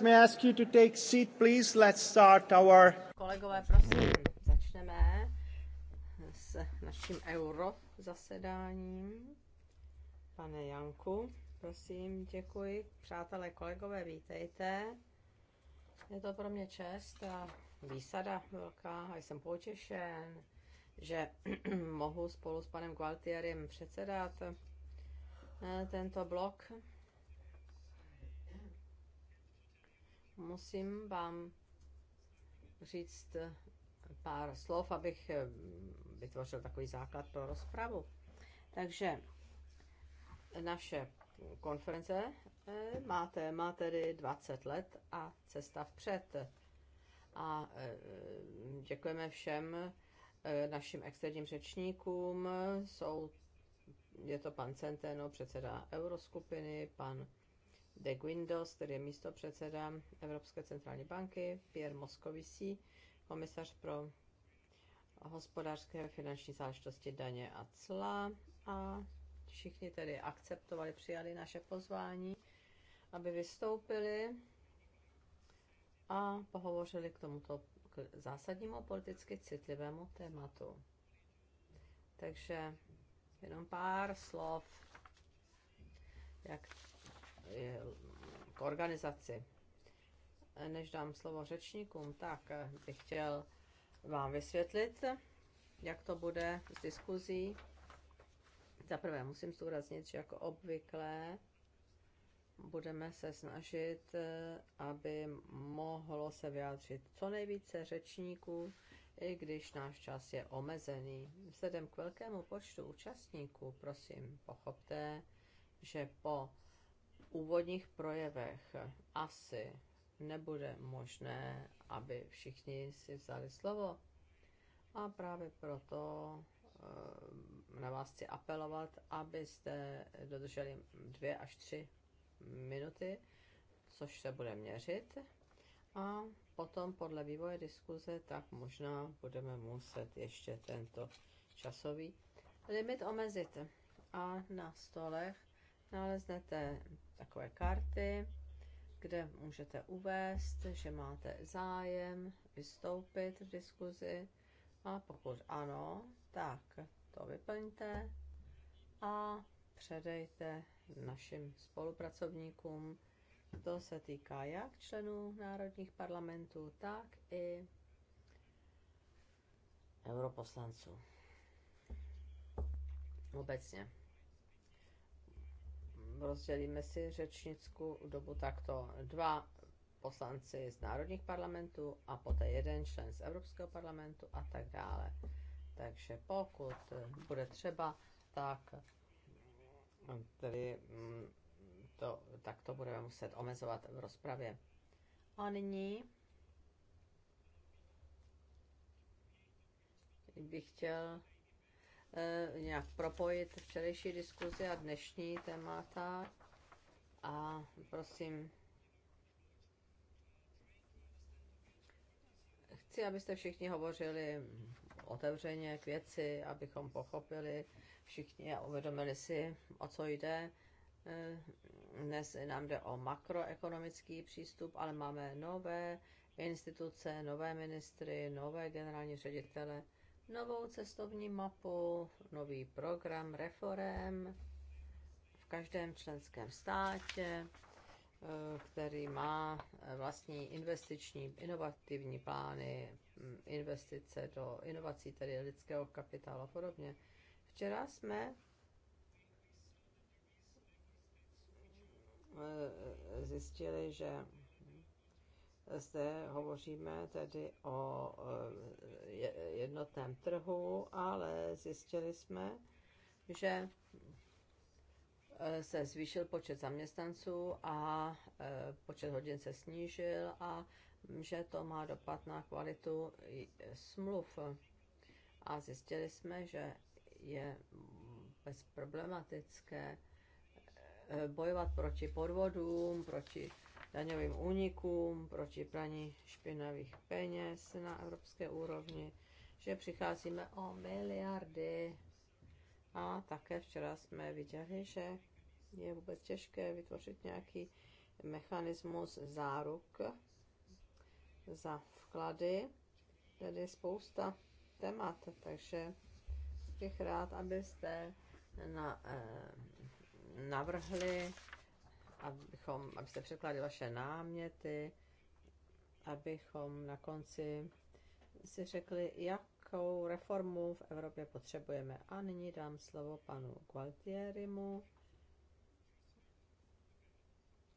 May I ask you to take seat, please? Let's start our... Kolegové, prosím, začneme s naším euro zasedáním. Pane Janku, prosím, děkuji. Přátelé, kolegové, vítejte. Je to pro mě čest a výsada velká a jsem potěšen, že mohu spolu s panem Gualtierem předsedat eh, tento blok musím vám říct pár slov, abych eh, vytvořil takový základ pro rozpravu. Takže naše konference eh, má téma tedy 20 let a cesta vpřed. A eh, děkujeme všem našim externím řečníkům. Jsou, je to pan Centeno, předseda Euroskupiny, pan de Guindos, který je místo předseda Evropské centrální banky, Pierre Moscovici, komisař pro hospodářské finanční záležitosti daně a cla a všichni tedy akceptovali, přijali naše pozvání, aby vystoupili a pohovořili k tomuto k zásadnímu politicky citlivému tématu. Takže jenom pár slov, jak k organizaci. Než dám slovo řečníkům, tak bych chtěl vám vysvětlit, jak to bude s diskuzí. Za prvé musím zdůraznit, že jako obvykle budeme se snažit, aby mohlo se vyjádřit co nejvíce řečníků, i když náš čas je omezený. Vzhledem k velkému počtu účastníků, prosím, pochopte, že po úvodních projevech asi nebude možné, aby všichni si vzali slovo. A právě proto eh, na vás chci apelovat, abyste dodrželi dvě až tři minuty, což se bude měřit. A potom podle vývoje diskuze, tak možná budeme muset ještě tento časový limit omezit. A na stolech naleznete takové karty, kde můžete uvést, že máte zájem vystoupit v diskuzi a pokud ano, tak to vyplňte a předejte našim spolupracovníkům. To se týká jak členů národních parlamentů, tak i europoslanců. Obecně rozdělíme si řečnickou dobu takto. Dva poslanci z národních parlamentů a poté jeden člen z Evropského parlamentu a tak dále. Takže pokud bude třeba, tak tedy mm, to, tak to budeme muset omezovat v rozpravě. A nyní bych chtěl E, nějak propojit včerejší diskuzi a dnešní témata. A prosím, chci, abyste všichni hovořili otevřeně k věci, abychom pochopili všichni a uvědomili si, o co jde. E, dnes nám jde o makroekonomický přístup, ale máme nové instituce, nové ministry, nové generální ředitele novou cestovní mapu, nový program reform v každém členském státě, eh, který má eh, vlastní investiční, inovativní plány, hm, investice do inovací, tedy lidského kapitálu a podobně. Včera jsme eh, zjistili, že zde hovoříme tedy o eh, jednotném trhu, ale zjistili jsme, že eh, se zvýšil počet zaměstnanců a eh, počet hodin se snížil a že to má dopad na kvalitu smluv. A zjistili jsme, že je bezproblematické bojovat proti podvodům, proti daňovým únikům, proti praní špinavých peněz na evropské úrovni, že přicházíme o miliardy. A také včera jsme viděli, že je vůbec těžké vytvořit nějaký mechanismus záruk za vklady. Tady je spousta témat, takže bych rád, abyste na, eh, navrhli abychom, abyste překladli vaše náměty, abychom na konci si řekli, jakou reformu v Evropě potřebujeme. A nyní dám slovo panu Gualtierimu,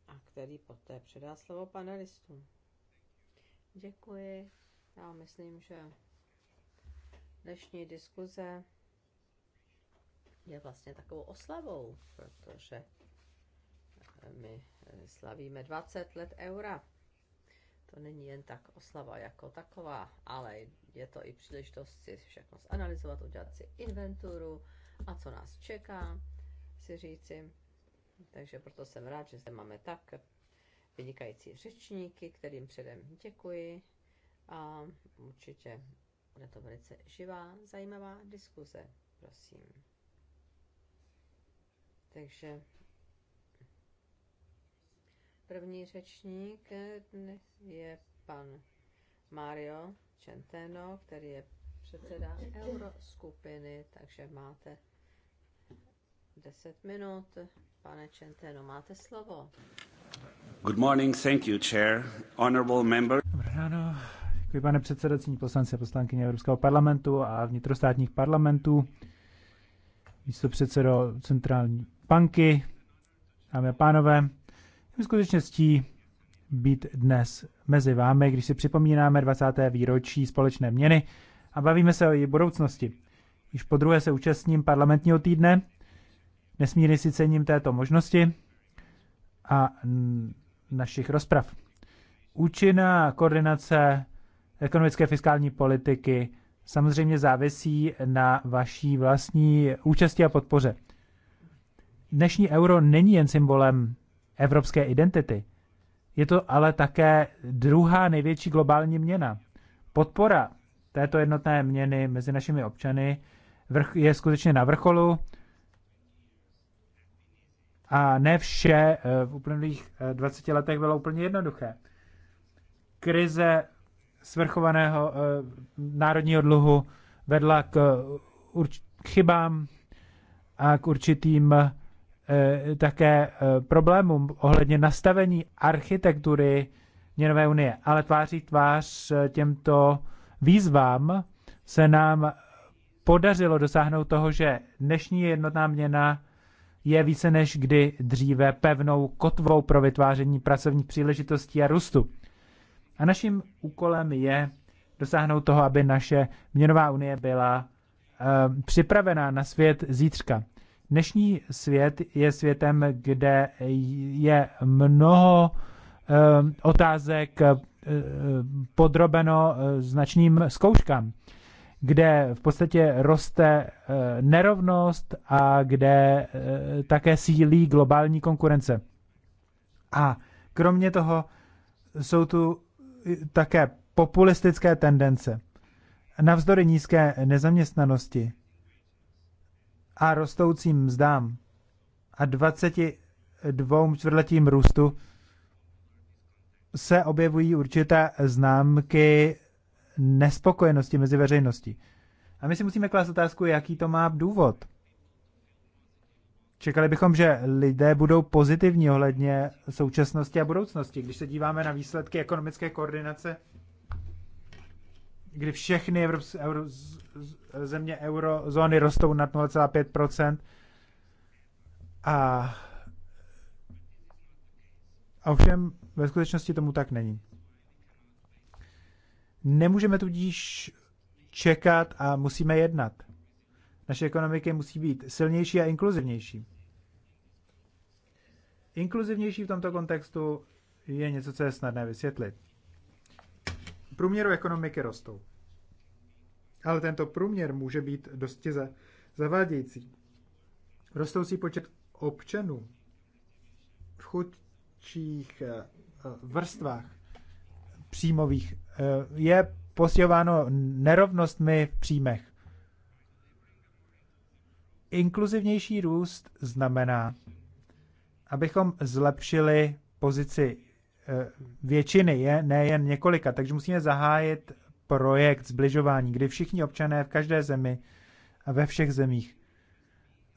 a který poté předá slovo panelistům. Děkuji. Já myslím, že dnešní diskuze je vlastně takovou oslavou, protože my eh, slavíme 20 let eura. To není jen tak oslava jako taková, ale je to i příležitost si všechno zanalizovat, udělat si inventuru a co nás čeká, si říci. Takže proto jsem rád, že zde máme tak vynikající řečníky, kterým předem děkuji a určitě bude to velice živá, zajímavá diskuze. Prosím. Takže První řečník eh, je pan Mario Centeno, který je předseda euroskupiny, takže máte 10 minut. Pane Centeno, máte slovo. Good morning, thank you, chair. Honorable member. Dobré ráno. Děkuji, pane předsedací poslanci a poslankyně Evropského parlamentu a vnitrostátních parlamentů, místo předsedo centrální banky, dámy a pánové. Je skutečně ctí být dnes mezi vámi, když si připomínáme 20. výročí společné měny a bavíme se o její budoucnosti. Již po druhé se účastním parlamentního týdne, nesmírně si cením této možnosti a našich rozprav. Účinná koordinace ekonomické fiskální politiky samozřejmě závisí na vaší vlastní účasti a podpoře. Dnešní euro není jen symbolem evropské identity. Je to ale také druhá největší globální měna. Podpora této jednotné měny mezi našimi občany je skutečně na vrcholu a ne vše eh, v uplynulých 20 eh, letech bylo úplně jednoduché. Krize svrchovaného eh, národního dluhu vedla k, k chybám a k určitým Eh, také eh, problémům ohledně nastavení architektury měnové unie. Ale tváří tvář eh, těmto výzvám se nám podařilo dosáhnout toho, že dnešní jednotná měna je více než kdy dříve pevnou kotvou pro vytváření pracovních příležitostí a růstu. A naším úkolem je dosáhnout toho, aby naše měnová unie byla e, připravená na svět zítřka. Dnešní svět je světem, kde je mnoho eh, otázek eh, podrobeno eh, značným zkouškám, kde v podstatě roste nerovnost a kde také sílí globální konkurence. A kromě toho jsou tu také populistické tendence. Navzdory nízké nezaměstnanosti a rostoucím mzdám a 22 čtvrtletím růstu se objevují určité známky nespokojenosti mezi veřejností. A my si musíme klást otázku, jaký to má důvod. Čekali bychom, že lidé budou pozitivní ohledně současnosti a budoucnosti. Když se díváme na výsledky ekonomické koordinace, kdy všechny země eurozóny rostou nad 0,5 a a ovšem ve skutečnosti tomu tak není. Nemůžeme tudíž čekat a musíme jednat. Naše ekonomiky musí být silnější a inkluzivnější. Inkluzivnější v tomto kontextu je něco, co je snadné vysvětlit. průměru ekonomiky rostou ale tento průměr může být dosti zavádějící. Rostoucí počet občanů v chudších eh, vrstvách příjmových eh, je postihováno nerovnostmi v příjmech. Inkluzivnější růst znamená, abychom zlepšili pozici eh, většiny, je, nejen několika. Takže musíme zahájit projekt zbližování, kdy všichni občané v každé zemi a ve všech zemích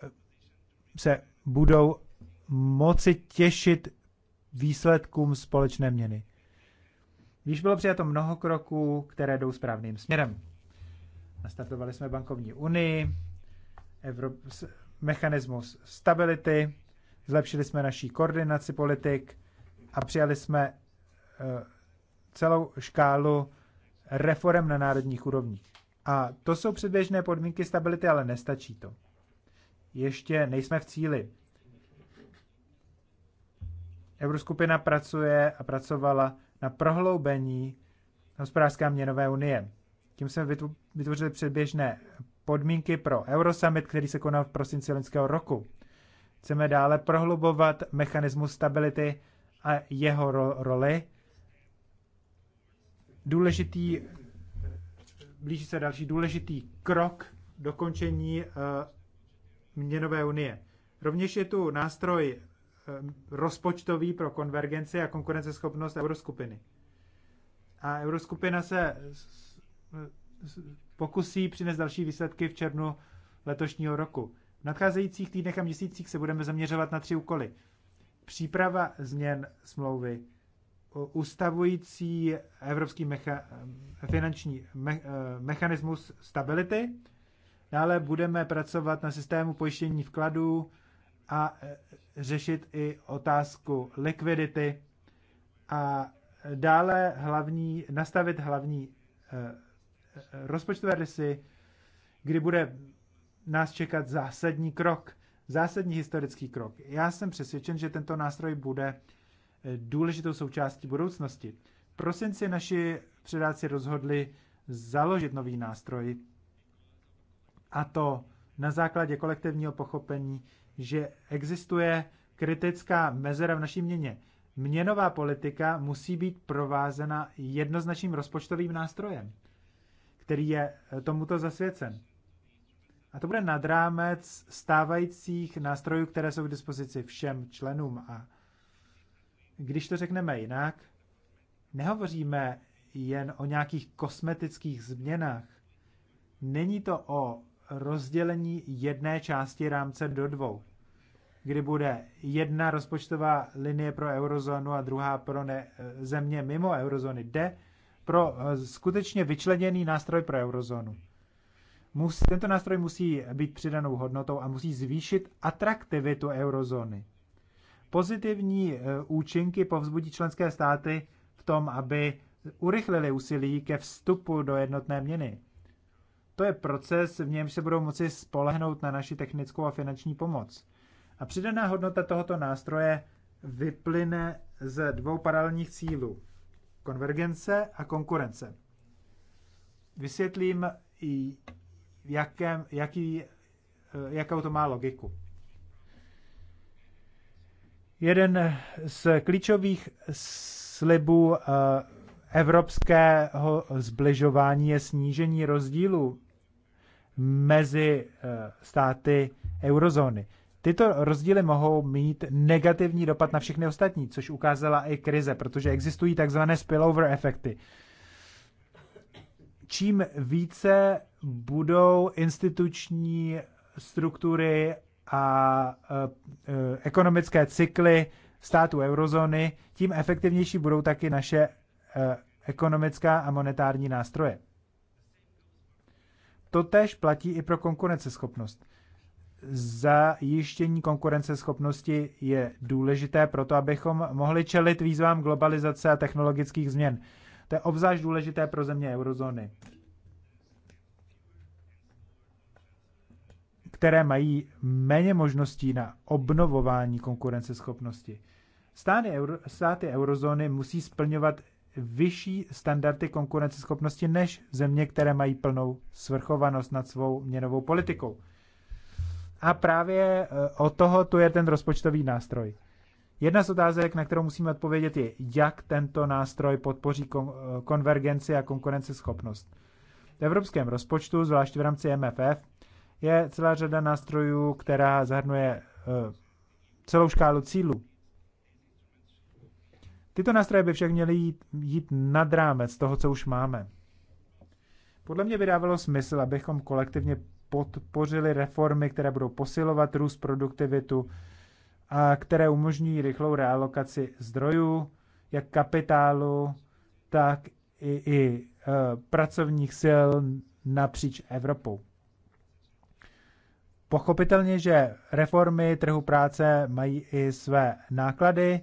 eh, se budou moci těšit výsledkům společné měny. Již bylo přijato mnoho kroků, které jdou správným směrem. Nastartovali jsme bankovní unii, Evrop- mechanismus stability, zlepšili jsme naší koordinaci politik a přijali jsme eh, celou škálu reform na národních úrovních. A to jsou předběžné podmínky stability, ale nestačí to. Ještě nejsme v cíli. Euroskupina pracuje a pracovala na prohloubení hospodářské a měnové unie. Tím jsme vytvořili předběžné podmínky pro Eurosummit, který se konal v prosinci loňského roku. Chceme dále prohlubovat mechanismus stability a jeho roli důležitý, blíží se další důležitý krok dokončení eh, měnové unie. Rovněž je tu nástroj eh, rozpočtový pro konvergenci a konkurenceschopnost euroskupiny. A euroskupina se pokusí přinést další výsledky v červnu letošního roku. V nadcházejících týdnech a měsících se budeme zaměřovat na tři úkoly. Příprava změn smlouvy ustavující evropský mecha, finanční me, eh, mechanismus stability. Dále budeme pracovat na systému pojištění vkladů a eh, řešit i otázku likvidity a eh, dále hlavní, nastavit hlavní rozpočtové rysy, kdy bude nás čekat zásadní krok, zásadní historický krok. Já jsem přesvědčen, že tento nástroj bude důležitou součástí budoucnosti. V prosinci naši předáci rozhodli založit nový nástroj, a to na základě kolektivního pochopení, že existuje kritická mezera v naší měně. Měnová politika musí být provázena jednoznačným rozpočtovým nástrojem, který je tomuto zasvěcen. A to bude nad rámec stávajících nástrojů, které jsou k dispozici všem členům a když to řekneme jinak, nehovoříme jen o nějakých kosmetických změnách. Není to o rozdělení jedné části rámce do dvou, kdy bude jedna rozpočtová linie pro eurozónu a druhá pro ne, země mimo eurozóny. Jde pro eh, skutečně vyčleněný nástroj pro eurozónu. Mus, tento nástroj musí být přidanou hodnotou a musí zvýšit atraktivitu eurozóny pozitivní eh, účinky povzbudí členské státy v tom, aby urychlili úsilí ke vstupu do jednotné měny. To je proces, v němž se budou moci spolehnout na naši technickou a finanční pomoc. A přidaná hodnota tohoto nástroje vyplyne ze dvou paralelních cílů. Konvergence a konkurence. Vysvětlím, jakém, jaký, eh, jakou to má logiku. Jeden z klíčových slibů eh, evropského zbližování je snížení rozdílu mezi eh, státy eurozóny. Tyto rozdíly mohou mít negativní dopad na všechny ostatní, což ukázala i krize, protože existují takzvané spillover efekty. Čím více budou instituční struktury a eh, ekonomické cykly států eurozóny, tím efektivnější budou taky naše eh, ekonomická a monetární nástroje. Totež platí i pro konkurenceschopnost. Zajištění konkurenceschopnosti je důležité pro to, abychom mohli čelit výzvám globalizace a technologických změn. To je obzvlášť důležité pro země eurozóny. které mají méně možností na obnovování konkurenceschopnosti. Státy, euro, státy eurozóny musí splňovat vyšší standardy konkurenceschopnosti než země, které mají plnou svrchovanost nad svou měnovou politikou. A právě e, o toho tu je ten rozpočtový nástroj. Jedna z otázek, na kterou musíme odpovědět, je, jak tento nástroj podpoří e, konvergenci a konkurenceschopnost. V evropském rozpočtu, zvlášť v rámci MFF, je celá řada nástrojů, která zahrnuje eh, celou škálu cílů. Tyto nástroje by však měly jít, jít nad rámec toho, co už máme. Podle mě by dávalo smysl, abychom kolektivně podpořili reformy, které budou posilovat růst produktivitu a které umožní rychlou realokaci zdrojů, jak kapitálu, tak i, i uh, pracovních sil napříč Evropou. Pochopitelně, že reformy trhu práce mají i své náklady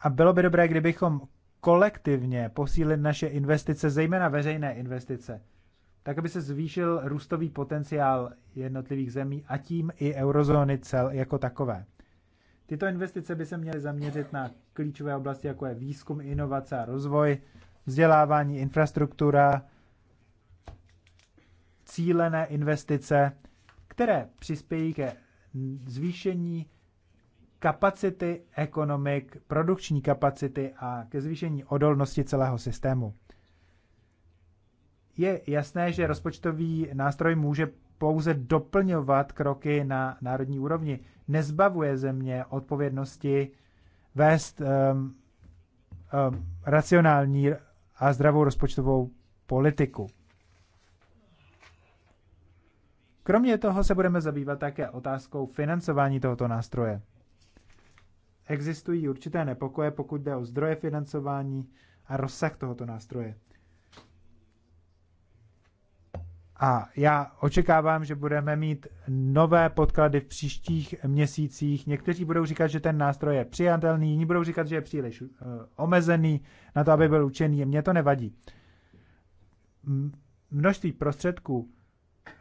a bylo by dobré, kdybychom kolektivně posílili naše investice, zejména veřejné investice, tak aby se zvýšil růstový potenciál jednotlivých zemí a tím i eurozóny cel jako takové. Tyto investice by se měly zaměřit na klíčové oblasti, jako je výzkum, inovace a rozvoj, vzdělávání, infrastruktura, cílené investice které přispějí ke zvýšení kapacity ekonomik, produkční kapacity a ke zvýšení odolnosti celého systému. Je jasné, že rozpočtový nástroj může pouze doplňovat kroky na národní úrovni. Nezbavuje země odpovědnosti vést um, um, racionální a zdravou rozpočtovou politiku. Kromě toho se budeme zabývat také otázkou financování tohoto nástroje. Existují určité nepokoje, pokud jde o zdroje financování a rozsah tohoto nástroje. A já očekávám, že budeme mít nové podklady v příštích měsících. Někteří budou říkat, že ten nástroj je přijatelný, jiní budou říkat, že je příliš uh, omezený na to, aby byl učený. Mně to nevadí. Množství prostředků,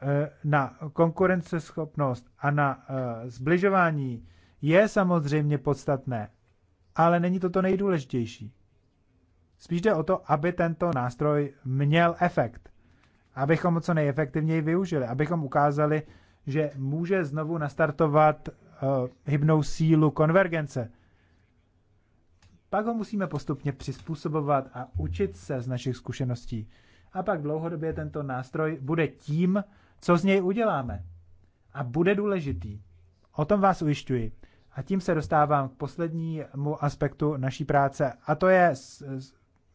Eh, na konkurenceschopnost a na eh, zbližování je samozřejmě podstatné, ale není to to nejdůležitější. Spíš jde o to, aby tento nástroj měl efekt, abychom ho co nejefektivněji využili, abychom ukázali, že může znovu nastartovat uh, hybnou sílu konvergence. Pak ho musíme postupně přizpůsobovat a učit se z našich zkušeností a pak dlouhodobě tento nástroj bude tím, co z něj uděláme. A bude důležitý. O tom vás ujišťuji. A tím se dostávám k poslednímu aspektu naší práce, a to je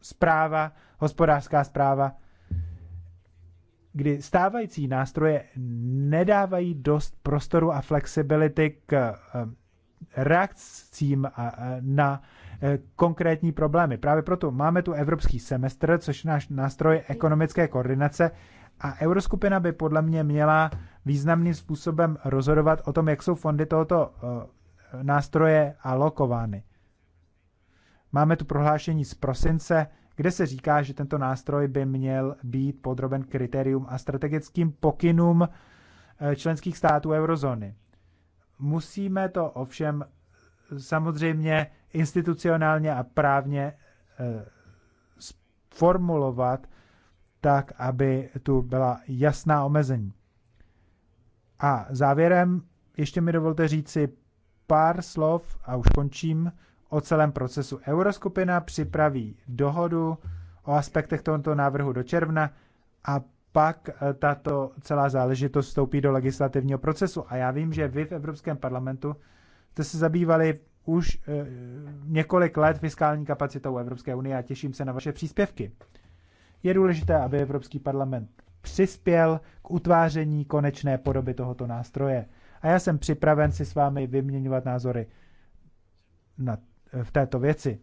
zpráva, hospodářská zpráva, kdy stávající nástroje nedávají dost prostoru a flexibility k eh, reakcím eh, na Eh, konkrétní problémy. Právě proto máme tu evropský semestr, což je náš nástroj ekonomické koordinace a euroskupina by podle mě měla významným způsobem rozhodovat o tom, jak jsou fondy tohoto eh, nástroje alokovány. Máme tu prohlášení z prosince, kde se říká, že tento nástroj by měl být podroben kritérium a strategickým pokynům eh, členských států eurozóny. Musíme to ovšem samozřejmě institucionálně a právně eh, formulovat tak, aby tu byla jasná omezení. A závěrem ještě mi dovolte říci pár slov, a už končím, o celém procesu. Euroskupina připraví dohodu o aspektech tohoto návrhu do června a pak eh, tato celá záležitost vstoupí do legislativního procesu. A já vím, že vy v Evropském parlamentu jste se zabývali už eh, několik let fiskální kapacitou Evropské unie a těším se na vaše příspěvky. Je důležité, aby Evropský parlament přispěl k utváření konečné podoby tohoto nástroje. A já jsem připraven si s vámi vyměňovat názory na, v této věci.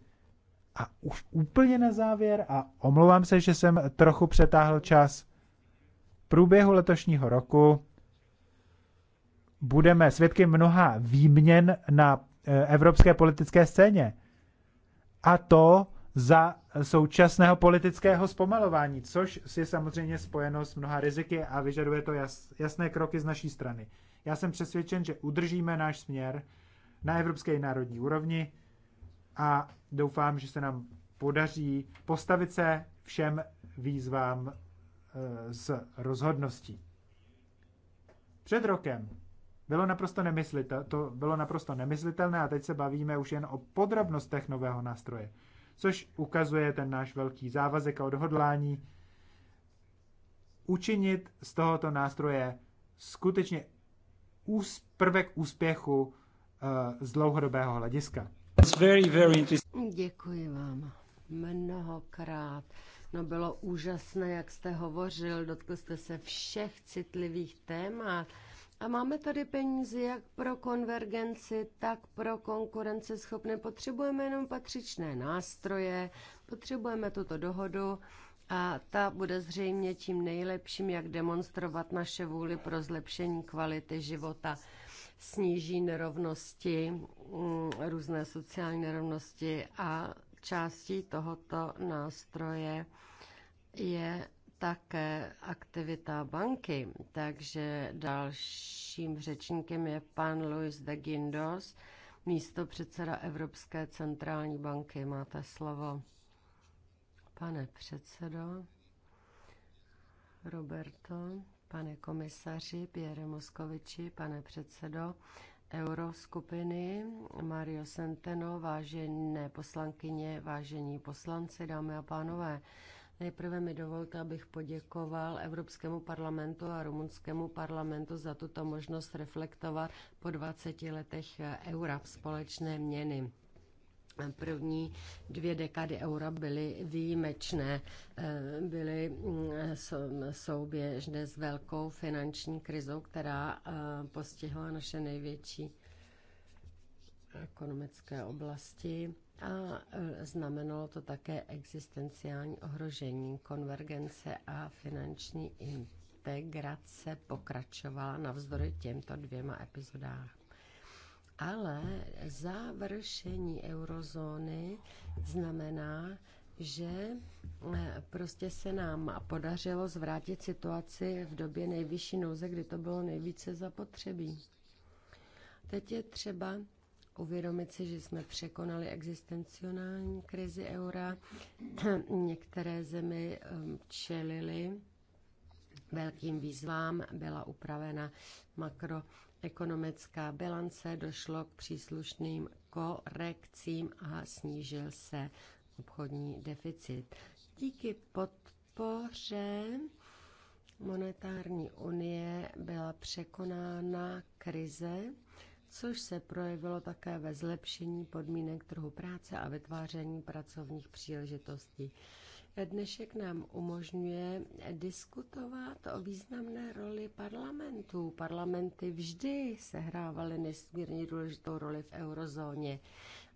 A už úplně na závěr, a omlouvám se, že jsem trochu přetáhl čas, v průběhu letošního roku budeme svědky mnoha výměn na Eh, evropské politické scéně. A to za současného politického zpomalování, což je samozřejmě spojeno s mnoha riziky a vyžaduje to jas, jasné kroky z naší strany. Já jsem přesvědčen, že udržíme náš směr na evropské i národní úrovni a doufám, že se nám podaří postavit se všem výzvám s eh, rozhodností. Před rokem bylo naprosto, nemyslitel, to bylo naprosto nemyslitelné a teď se bavíme už jen o podrobnostech nového nástroje, což ukazuje ten náš velký závazek a odhodlání učinit z tohoto nástroje skutečně ús, prvek úspěchu uh, z dlouhodobého hlediska. Very, very Děkuji vám mnohokrát. No bylo úžasné, jak jste hovořil, dotkl jste se všech citlivých témat a máme tady peníze jak pro konvergenci, tak pro konkurenceschopné. Potřebujeme jenom patřičné nástroje, potřebujeme tuto dohodu a ta bude zřejmě tím nejlepším, jak demonstrovat naše vůli pro zlepšení kvality života. Sníží nerovnosti, mm, různé sociální nerovnosti a částí tohoto nástroje je také aktivita banky. Takže dalším řečníkem je pan Luis de Guindos, místo předseda Evropské centrální banky. Máte slovo. Pane předsedo, Roberto, pane komisaři Pierre Moskoviči, pane předsedo Euroskupiny, Mario Centeno, vážené poslankyně, vážení poslanci, dámy a pánové. Nejprve mi dovolte, abych poděkoval Evropskému parlamentu a Rumunskému parlamentu za tuto možnost reflektovat po 20 letech eura společné měny. První dvě dekady eura byly výjimečné, eh, byly mm, souběžné s velkou finanční krizou, která eh, postihla naše největší ekonomické oblasti a e, znamenalo to také existenciální ohrožení konvergence a finanční integrace pokračovala navzdory těmto dvěma epizodách. Ale završení eurozóny znamená, že e, prostě se nám podařilo zvrátit situaci v době nejvyšší nouze, kdy to bylo nejvíce zapotřebí. Teď je třeba uvědomit si, že jsme překonali existencionální krizi eura. Některé zemi um, čelily velkým výzvám, byla upravena makroekonomická bilance, došlo k příslušným korekcím a snížil se obchodní deficit. Díky podpoře monetární unie byla překonána krize, což se projevilo také ve zlepšení podmínek trhu práce a vytváření pracovních příležitostí. Dnešek nám umožňuje diskutovat o významné roli parlamentů. Parlamenty vždy sehrávaly nesmírně důležitou roli v eurozóně.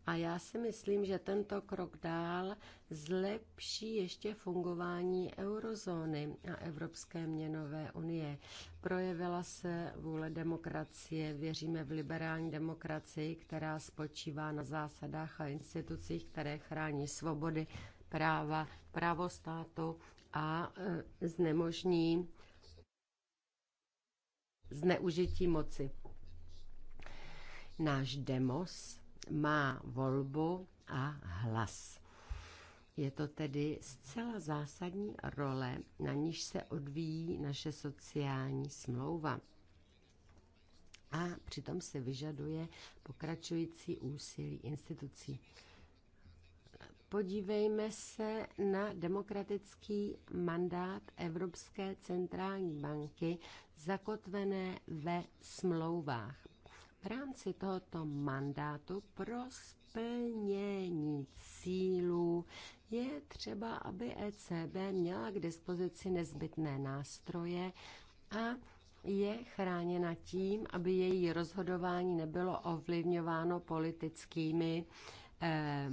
A já si myslím, že tento krok dál zlepší ještě fungování eurozóny a Evropské měnové unie. Projevila se vůle demokracie, věříme v liberální demokracii, která spočívá na zásadách a institucích, které chrání svobody, práva, právo státu a e, znemožní zneužití moci. Náš demos má volbu a hlas. Je to tedy zcela zásadní role, na níž se odvíjí naše sociální smlouva. A přitom se vyžaduje pokračující úsilí institucí. Podívejme se na demokratický mandát Evropské centrální banky zakotvené ve smlouvách v rámci tohoto mandátu pro splnění cílů je třeba, aby ECB měla k dispozici nezbytné nástroje a je chráněna tím, aby její rozhodování nebylo ovlivňováno politickými eh,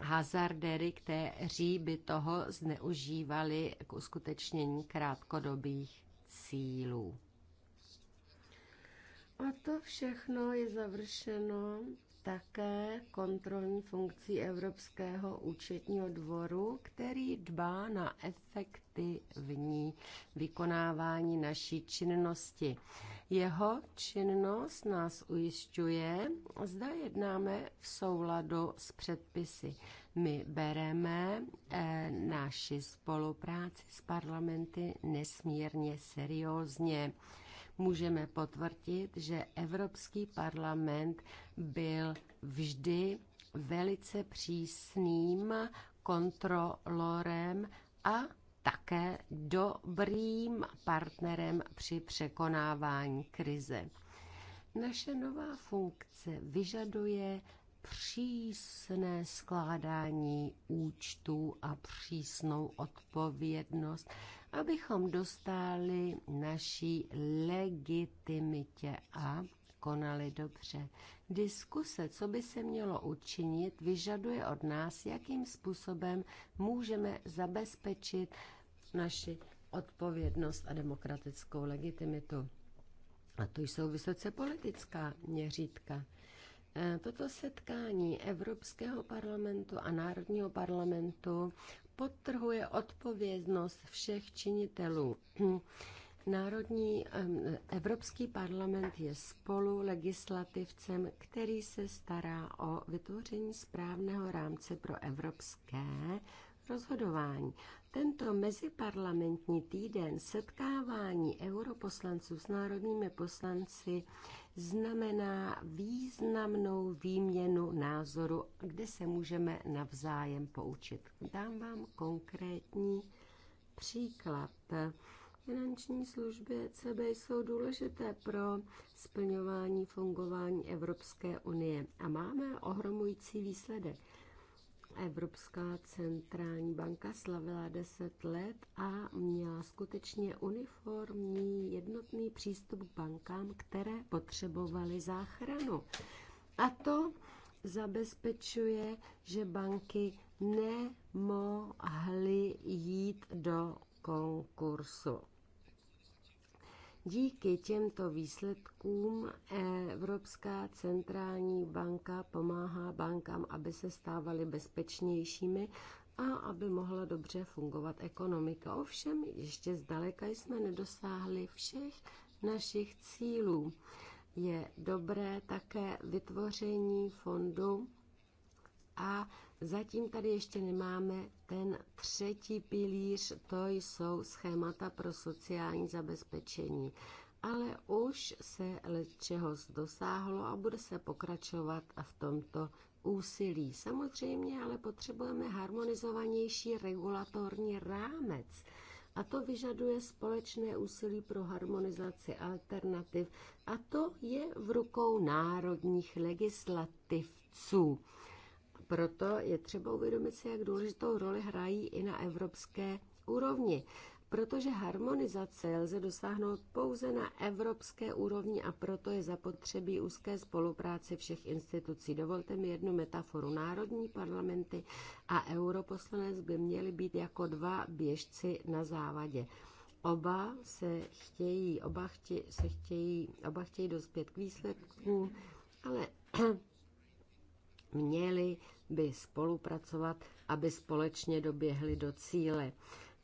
hazardéry, kteří by toho zneužívali k uskutečnění krátkodobých cílů. A to všechno je završeno také kontrolní funkcí Evropského účetního dvoru, který dbá na efektivní vykonávání naší činnosti. Jeho činnost nás ujišťuje, zda jednáme v souladu s předpisy. My bereme eh, naši spolupráci s parlamenty nesmírně seriózně můžeme potvrdit, že Evropský parlament byl vždy velice přísným kontrolorem a také dobrým partnerem při překonávání krize. Naše nová funkce vyžaduje přísné skládání účtů a přísnou odpovědnost abychom dostali naší legitimitě a konali dobře. Diskuse, co by se mělo učinit, vyžaduje od nás, jakým způsobem můžeme zabezpečit naši odpovědnost a demokratickou legitimitu. A to jsou vysoce politická měřítka. E, toto setkání Evropského parlamentu a Národního parlamentu podtrhuje odpovědnost všech činitelů. Národní Evropský parlament je spolu legislativcem, který se stará o vytvoření správného rámce pro evropské rozhodování. Tento meziparlamentní týden setkávání europoslanců s národními poslanci znamená významnou výměnu názoru, kde se můžeme navzájem poučit. Dám vám konkrétní příklad. Finanční služby ECB jsou důležité pro splňování fungování Evropské unie a máme ohromující výsledek. Evropská centrální banka slavila 10 let a měla skutečně uniformní jednotný přístup k bankám, které potřebovaly záchranu. A to zabezpečuje, že banky nemohly jít do konkursu. Díky těmto výsledkům Evropská centrální banka pomáhá bankám, aby se stávaly bezpečnějšími a aby mohla dobře fungovat ekonomika. Ovšem, ještě zdaleka jsme nedosáhli všech našich cílů. Je dobré také vytvoření fondu a Zatím tady ještě nemáme ten třetí pilíř, to jsou schémata pro sociální zabezpečení. Ale už se čeho dosáhlo a bude se pokračovat v tomto úsilí. Samozřejmě ale potřebujeme harmonizovanější regulatorní rámec. A to vyžaduje společné úsilí pro harmonizaci alternativ. A to je v rukou národních legislativců. Proto je třeba uvědomit si, jak důležitou roli hrají i na evropské úrovni protože harmonizace lze dosáhnout pouze na evropské úrovni a proto je zapotřebí úzké spolupráce všech institucí. Dovolte mi jednu metaforu. Národní parlamenty a europoslanec by měli být jako dva běžci na závadě. Oba se chtějí, oba, se chtějí, oba chtějí dospět k výsledku, ale Měli by spolupracovat, aby společně doběhli do cíle.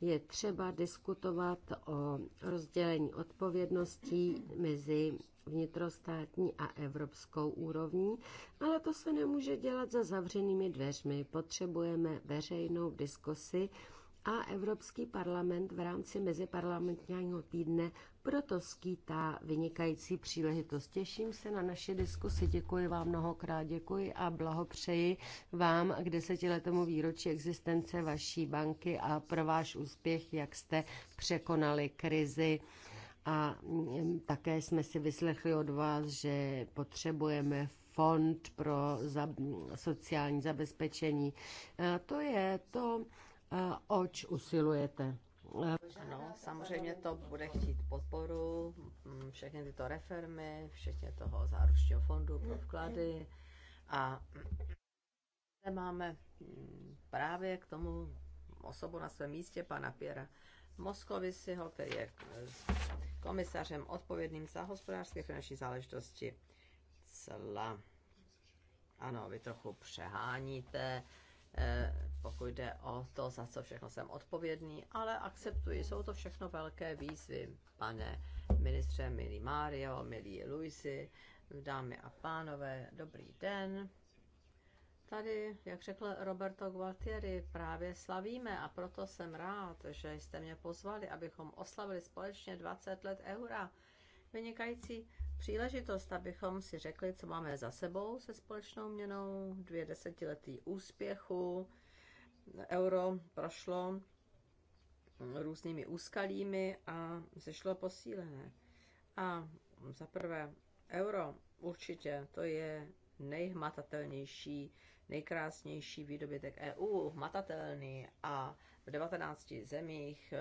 Je třeba diskutovat o rozdělení odpovědností mezi vnitrostátní a evropskou úrovní, ale to se nemůže dělat za zavřenými dveřmi. Potřebujeme veřejnou diskusi a Evropský parlament v rámci meziparlamentního týdne proto skýtá vynikající příležitost. Těším se na naše diskusi, děkuji vám mnohokrát, děkuji a blahopřeji vám k desetiletému výročí existence vaší banky a pro váš úspěch, jak jste překonali krizi. A mm, také jsme si vyslechli od vás, že potřebujeme fond pro mm, sociální zabezpečení. To je to, Eh, oč usilujete? Ano, samozřejmě to bude chtít podporu, mm, všechny tyto reformy, všechny toho záručního fondu pro vklady a mm, máme mm, právě k tomu osobu na svém místě, pana Pěra Moskovisiho, který je eh, komisařem odpovědným za hospodářské finanční záležitosti cla. Ano, vy trochu přeháníte Eh, pokud jde o to, za co všechno jsem odpovědný, ale akceptuji, jsou to všechno velké výzvy, pane ministře, milí Mario, milí Luisi, dámy a pánové, dobrý den. Tady, jak řekl Roberto Gualtieri, právě slavíme a proto jsem rád, že jste mě pozvali, abychom oslavili společně 20 let eura. Vynikající příležitost, abychom si řekli, co máme za sebou se společnou měnou, dvě desetiletí úspěchu, euro prošlo různými úskalími a zešlo posílené. A za prvé, euro určitě to je nejhmatatelnější, nejkrásnější výdobytek EU, hmatatelný a v 19 zemích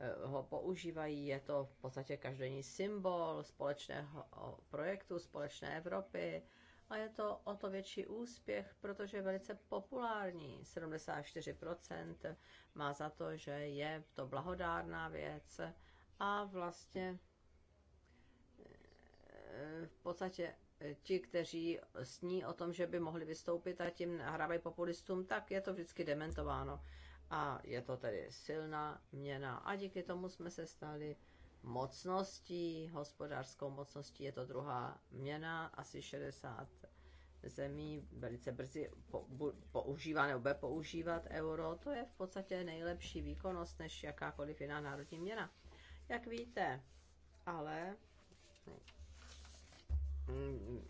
Eh, ho používají. Je to v podstatě každodenní symbol společného projektu, společné Evropy a je to o to větší úspěch, protože je velice populární. 74% má za to, že je to blahodárná věc a vlastně eh, v podstatě ti, kteří sní o tom, že by mohli vystoupit a tím nahrávají populistům, tak je to vždycky dementováno a je to tedy silná měna. A díky tomu jsme se stali mocností, hospodářskou mocností. Je to druhá měna, asi 60 zemí velice brzy používá nebo bude používat euro. To je v podstatě nejlepší výkonnost než jakákoliv jiná národní měna. Jak víte, ale mm,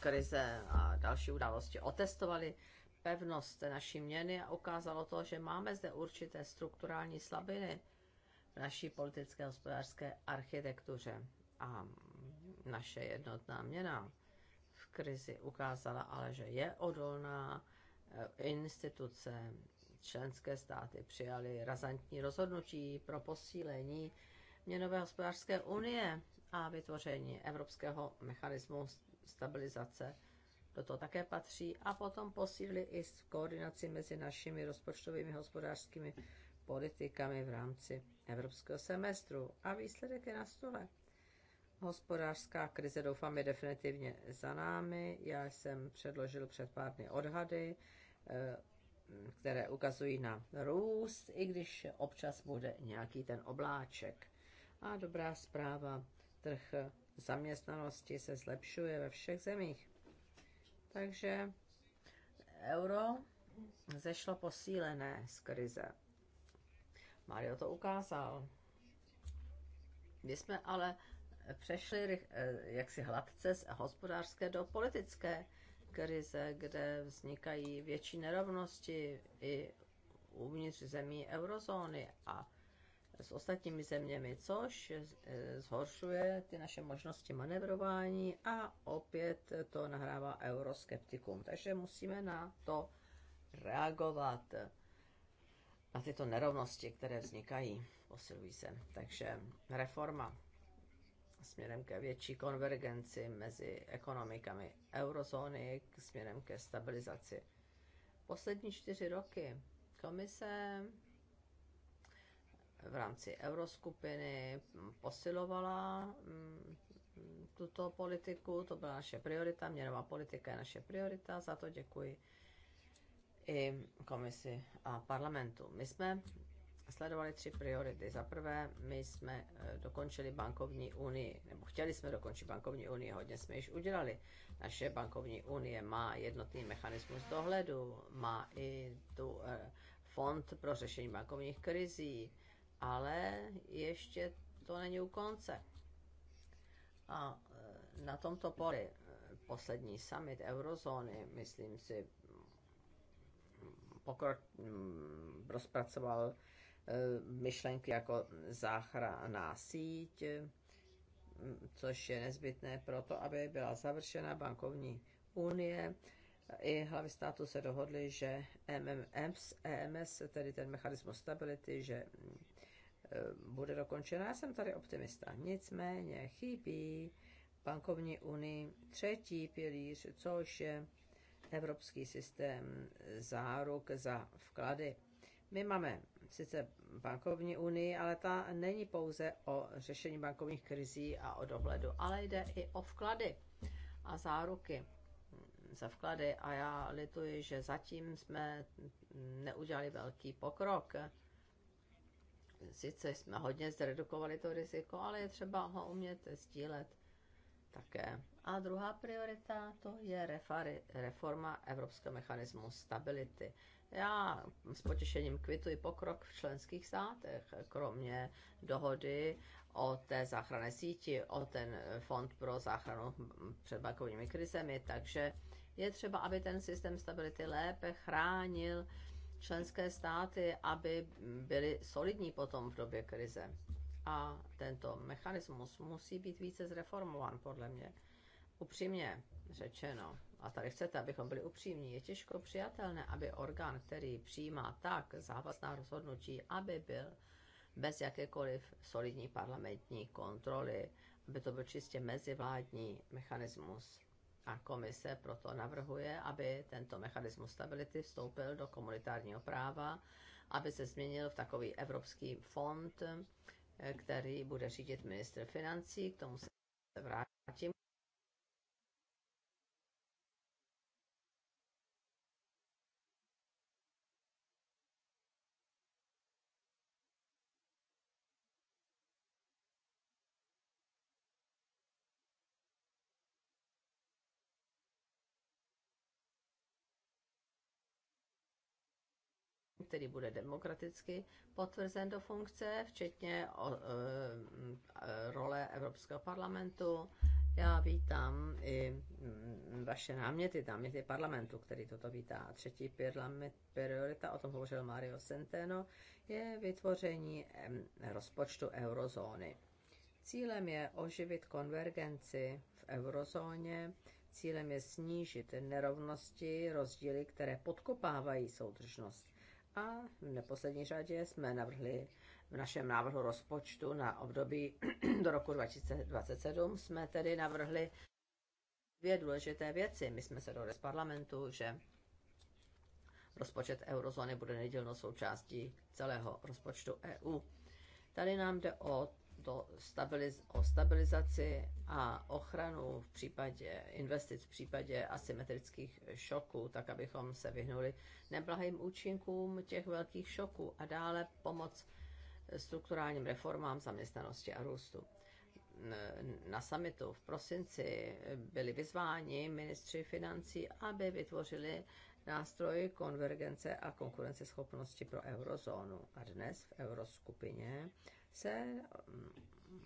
krize a další události otestovaly pevnost naší měny a ukázalo to, že máme zde určité strukturální slabiny v naší politické a hospodářské architektuře. A naše jednotná měna v krizi ukázala ale, že je odolná eh, instituce, členské státy přijaly razantní rozhodnutí pro posílení měnové hospodářské unie a vytvoření evropského mechanismu stabilizace do toho také patří, a potom posílili i s koordinaci mezi našimi rozpočtovými hospodářskými politikami v rámci evropského semestru. A výsledek je na stole. Hospodářská krize, doufám, je definitivně za námi. Já jsem předložil před pár dny odhady, eh, které ukazují na růst, i když občas bude nějaký ten obláček. A dobrá zpráva, trh zaměstnanosti se zlepšuje ve všech zemích. Takže euro zešlo posílené z krize. Mario to ukázal. My jsme ale přešli eh, jaksi hladce z hospodářské do politické krize, kde vznikají větší nerovnosti i uvnitř zemí eurozóny a s ostatními zeměmi, což eh, zhoršuje ty naše možnosti manevrování a opět to nahrává euroskeptikům. Takže musíme na to reagovat, na tyto nerovnosti, které vznikají, posilují se. Takže reforma směrem ke větší konvergenci mezi ekonomikami eurozóny, směrem ke stabilizaci. Poslední čtyři roky komise v rámci euroskupiny posilovala mm, tuto politiku, to byla naše priorita, měnová politika je naše priorita, za to děkuji i komisi a parlamentu. My jsme sledovali tři priority. Za prvé, my jsme eh, dokončili bankovní unii, nebo chtěli jsme dokončit bankovní unii, hodně jsme již udělali. Naše bankovní unie má jednotný mechanismus dohledu, má i tu eh, fond pro řešení bankovních krizí, ale ještě to není u konce. A e, na tomto poli e, poslední summit eurozóny, myslím si, pokrok rozpracoval e, myšlenky jako záchranná síť, což je nezbytné pro to, aby byla završena bankovní unie. I hlavy státu se dohodly, že MMS, EMS, tedy ten mechanismus stability, že Eh, bude dokončena. Já jsem tady optimista. Nicméně chybí bankovní unii třetí pilíř, což je evropský systém záruk za vklady. My máme sice bankovní unii, ale ta není pouze o řešení bankovních krizí a o dohledu, ale jde i o vklady a záruky za vklady. A já lituji, že zatím jsme neudělali velký pokrok sice jsme hodně zredukovali to riziko, ale je třeba ho umět sdílet také. A druhá priorita to je refari, reforma Evropského mechanismu stability. Já s potěšením kvituji pokrok v členských státech, kromě dohody o té záchranné síti, o ten fond pro záchranu před bankovními krizemi, takže je třeba, aby ten systém stability lépe chránil členské státy, aby byly solidní potom v době krize. A tento mechanismus musí být více zreformován, podle mě. Upřímně řečeno, a tady chcete, abychom byli upřímní, je těžko přijatelné, aby orgán, který přijímá tak závazná rozhodnutí, aby byl bez jakékoliv solidní parlamentní kontroly, aby to byl čistě mezivládní mechanismus. A komise proto navrhuje, aby tento mechanismus stability vstoupil do komunitárního práva, aby se změnil v takový evropský fond, eh, který bude řídit ministr financí. K tomu se vrátím, který bude demokraticky potvrzen do funkce, včetně o, e, e role Evropského parlamentu. Já vítám i vaše náměty, náměty parlamentu, který toto vítá. Třetí priorita, o tom hovořil Mario Centeno, je vytvoření rozpočtu eurozóny. Cílem je oživit konvergenci v eurozóně, cílem je snížit nerovnosti, rozdíly, které podkopávají soudržnost. A v neposlední řadě jsme navrhli v našem návrhu rozpočtu na období do roku 2027 jsme tedy navrhli dvě důležité věci. My jsme se dohodli z parlamentu, že rozpočet eurozóny bude nedělnou součástí celého rozpočtu EU. Tady nám jde o to stabiliz- o stabilizaci a ochranu v případě investic, v případě asymetrických šoků, tak abychom se vyhnuli neblahým účinkům těch velkých šoků a dále pomoc strukturálním reformám zaměstnanosti a růstu. Na samitu v prosinci byli vyzváni ministři financí, aby vytvořili nástroj konvergence a konkurenceschopnosti pro eurozónu. A dnes v euroskupině se mm,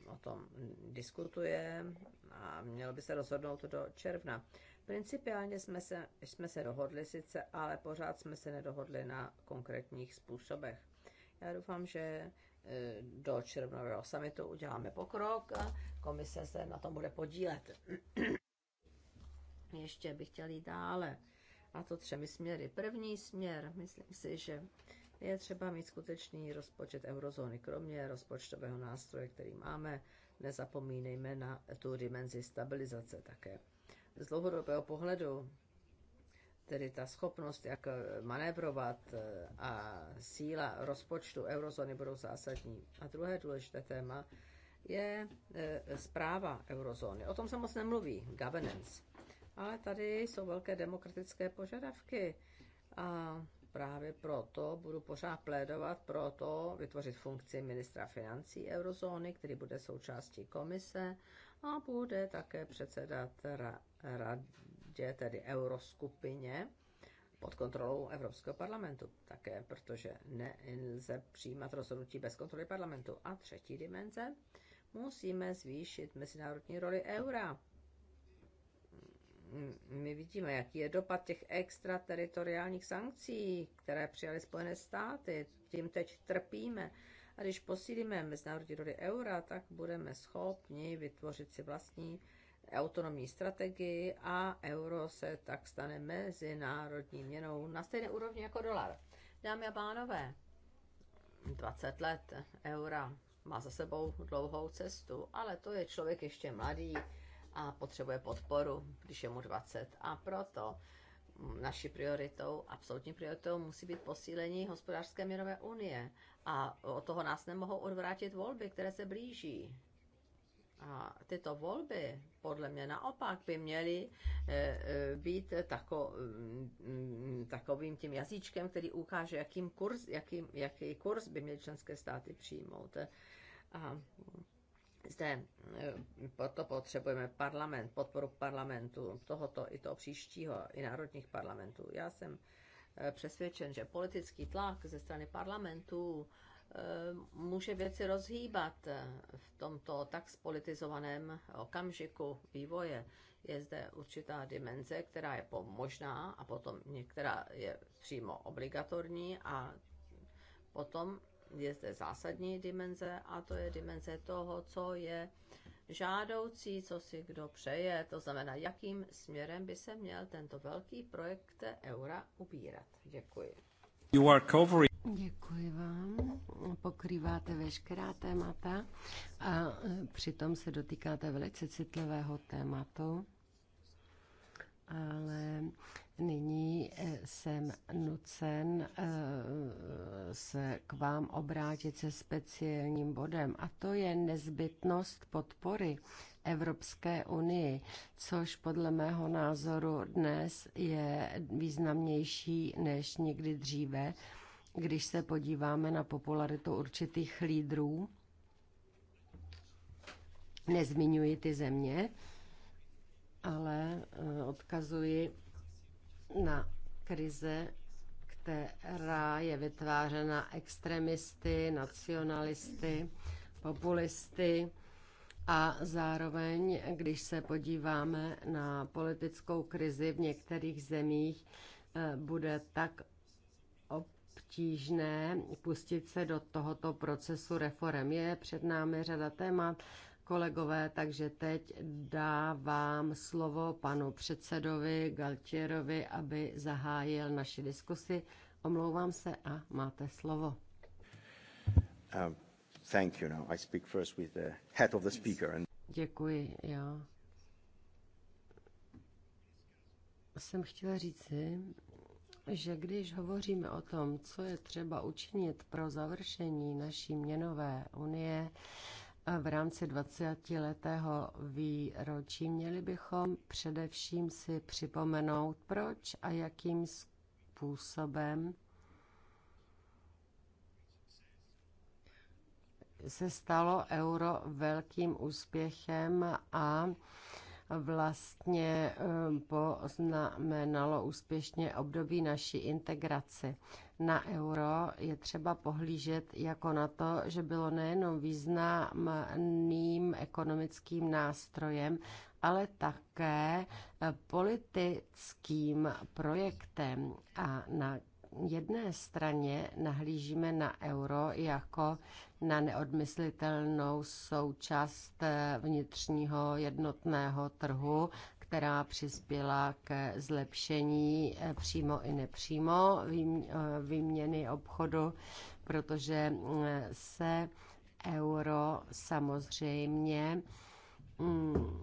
o tom diskutuje a mělo by se rozhodnout do června. Principiálně jsme se, jsme se dohodli sice, ale pořád jsme se nedohodli na konkrétních způsobech. Já doufám, že e, do červnového samitu uděláme pokrok a komise se na tom bude podílet. Ještě bych chtěl jít dále. A to třemi směry. První směr, myslím si, že je třeba mít skutečný rozpočet eurozóny. Kromě rozpočtového nástroje, který máme, nezapomínejme na tu dimenzi stabilizace také. Z dlouhodobého pohledu, tedy ta schopnost, jak manévrovat eh, a síla rozpočtu eurozóny budou zásadní. A druhé důležité téma je eh, zpráva eurozóny. O tom se moc nemluví, governance. Ale tady jsou velké demokratické požadavky. A právě proto budu pořád plédovat pro to vytvořit funkci ministra financí eurozóny, který bude součástí komise a bude také předsedat radě, tedy euroskupině, pod kontrolou Evropského parlamentu také, protože nelze přijímat rozhodnutí bez kontroly parlamentu. A třetí dimenze, musíme zvýšit mezinárodní roli eura my vidíme, jaký je dopad těch extrateritoriálních sankcí, které přijaly Spojené státy. Tím teď trpíme. A když posílíme mezinárodní roli eura, tak budeme schopni vytvořit si vlastní autonomní strategii a euro se tak stane mezinárodní měnou na stejné úrovni jako dolar. Dámy a pánové, 20 let eura má za sebou dlouhou cestu, ale to je člověk ještě mladý, a potřebuje podporu, když je mu 20. A proto naší prioritou, absolutní prioritou musí být posílení hospodářské měnové unie. A od toho nás nemohou odvrátit volby, které se blíží. A tyto volby, podle mě naopak, by měly eh, eh, být tako, mm, takovým tím jazyčkem, který ukáže, jakým kurz, jaký, jaký kurz by měly členské státy přijmout. A zde eh, proto potřebujeme parlament, podporu parlamentu, tohoto i toho příštího, i národních parlamentů. Já jsem eh, přesvědčen, že politický tlak ze strany parlamentů eh, může věci rozhýbat v tomto tak spolitizovaném okamžiku vývoje. Je zde určitá dimenze, která je možná a potom některá je přímo obligatorní a potom je zde zásadní dimenze a to je dimenze toho, co je žádoucí, co si kdo přeje, to znamená, jakým směrem by se měl tento velký projekt eura ubírat. Děkuji. You are covering. Děkuji vám. Pokrýváte veškerá témata a e, přitom se dotýkáte velice citlivého tématu, ale Nyní eh, jsem nucen eh, se k vám obrátit se speciálním bodem a to je nezbytnost podpory Evropské unii, což podle mého názoru dnes je významnější než někdy dříve, když se podíváme na popularitu určitých lídrů. Nezmiňuji ty země, ale eh, odkazuji na krize, která je vytvářena extremisty, nacionalisty, populisty. A zároveň, když se podíváme na politickou krizi v některých zemích, eh, bude tak obtížné pustit se do tohoto procesu reform. Je před námi řada témat kolegové, takže teď dávám slovo panu předsedovi Galtierovi, aby zahájil naši diskusi. Omlouvám se a máte slovo. Um, thank you. Now I speak first with the head of the speaker. And... Děkuji, já jsem chtěla říci, že když hovoříme o tom, co je třeba učinit pro završení naší měnové unie, v rámci 20-letého výročí měli bychom především si připomenout, proč a jakým způsobem se stalo euro velkým úspěchem a vlastně eh, poznamenalo úspěšně období naší integrace na euro je třeba pohlížet jako na to, že bylo nejenom významným ekonomickým nástrojem, ale také eh, politickým projektem. A na jedné straně nahlížíme na euro jako na neodmyslitelnou součást eh, vnitřního jednotného trhu která přispěla k zlepšení eh, přímo i nepřímo eh, výměny obchodu, protože eh, se euro samozřejmě mm,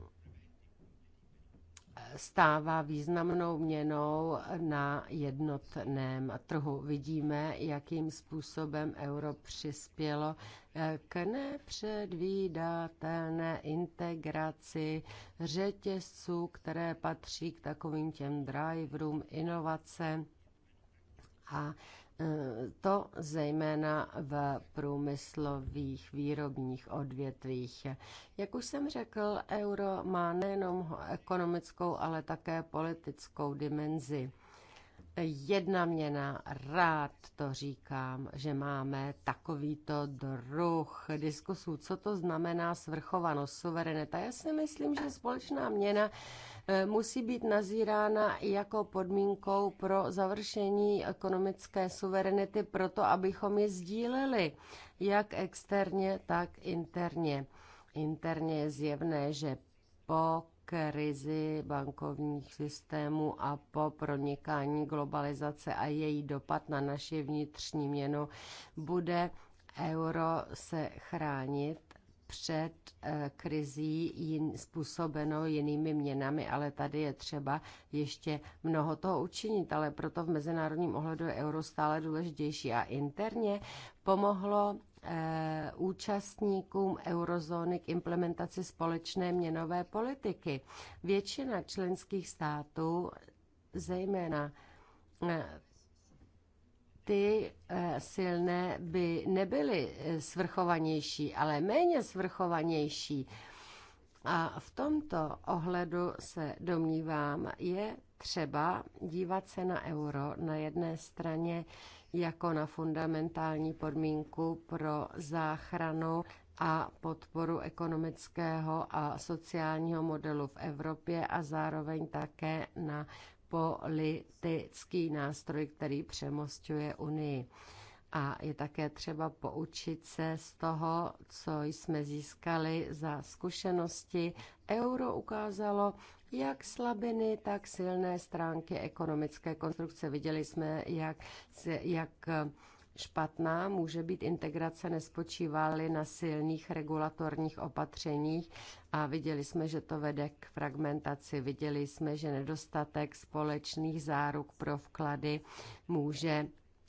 stává významnou měnou na jednotném trhu. Vidíme, jakým způsobem euro přispělo eh, k nepředvídatelné integraci řetězců, které patří k takovým těm driverům inovace a to zejména v průmyslových výrobních odvětvích. Jak už jsem řekl, euro má nejenom ekonomickou, ale také politickou dimenzi. Jedna měna, rád to říkám, že máme takovýto druh diskusů. Co to znamená svrchovanost, suverenita? Já si myslím, že společná měna Eh, musí být nazírána jako podmínkou pro završení ekonomické suverenity, proto abychom je sdíleli, jak externě, tak interně. Interně je zjevné, že po krizi bankovních systémů a po pronikání globalizace a její dopad na naše vnitřní měnu bude euro se chránit před eh, krizí jin, způsobenou jinými měnami, ale tady je třeba ještě mnoho toho učinit, ale proto v mezinárodním ohledu je euro stále důležitější a interně pomohlo eh, účastníkům eurozóny k implementaci společné měnové politiky. Většina členských států, zejména eh, ty eh, silné by nebyly eh, svrchovanější, ale méně svrchovanější. A v tomto ohledu se domnívám, je třeba dívat se na euro na jedné straně jako na fundamentální podmínku pro záchranu a podporu ekonomického a sociálního modelu v Evropě a zároveň také na politický nástroj, který přemostňuje Unii. A je také třeba poučit se z toho, co jsme získali za zkušenosti. Euro ukázalo jak slabiny, tak silné stránky ekonomické konstrukce. Viděli jsme, jak, jak špatná může být integrace nespočívaly na silných regulatorních opatřeních a viděli jsme, že to vede k fragmentaci. Viděli jsme, že nedostatek společných záruk pro vklady může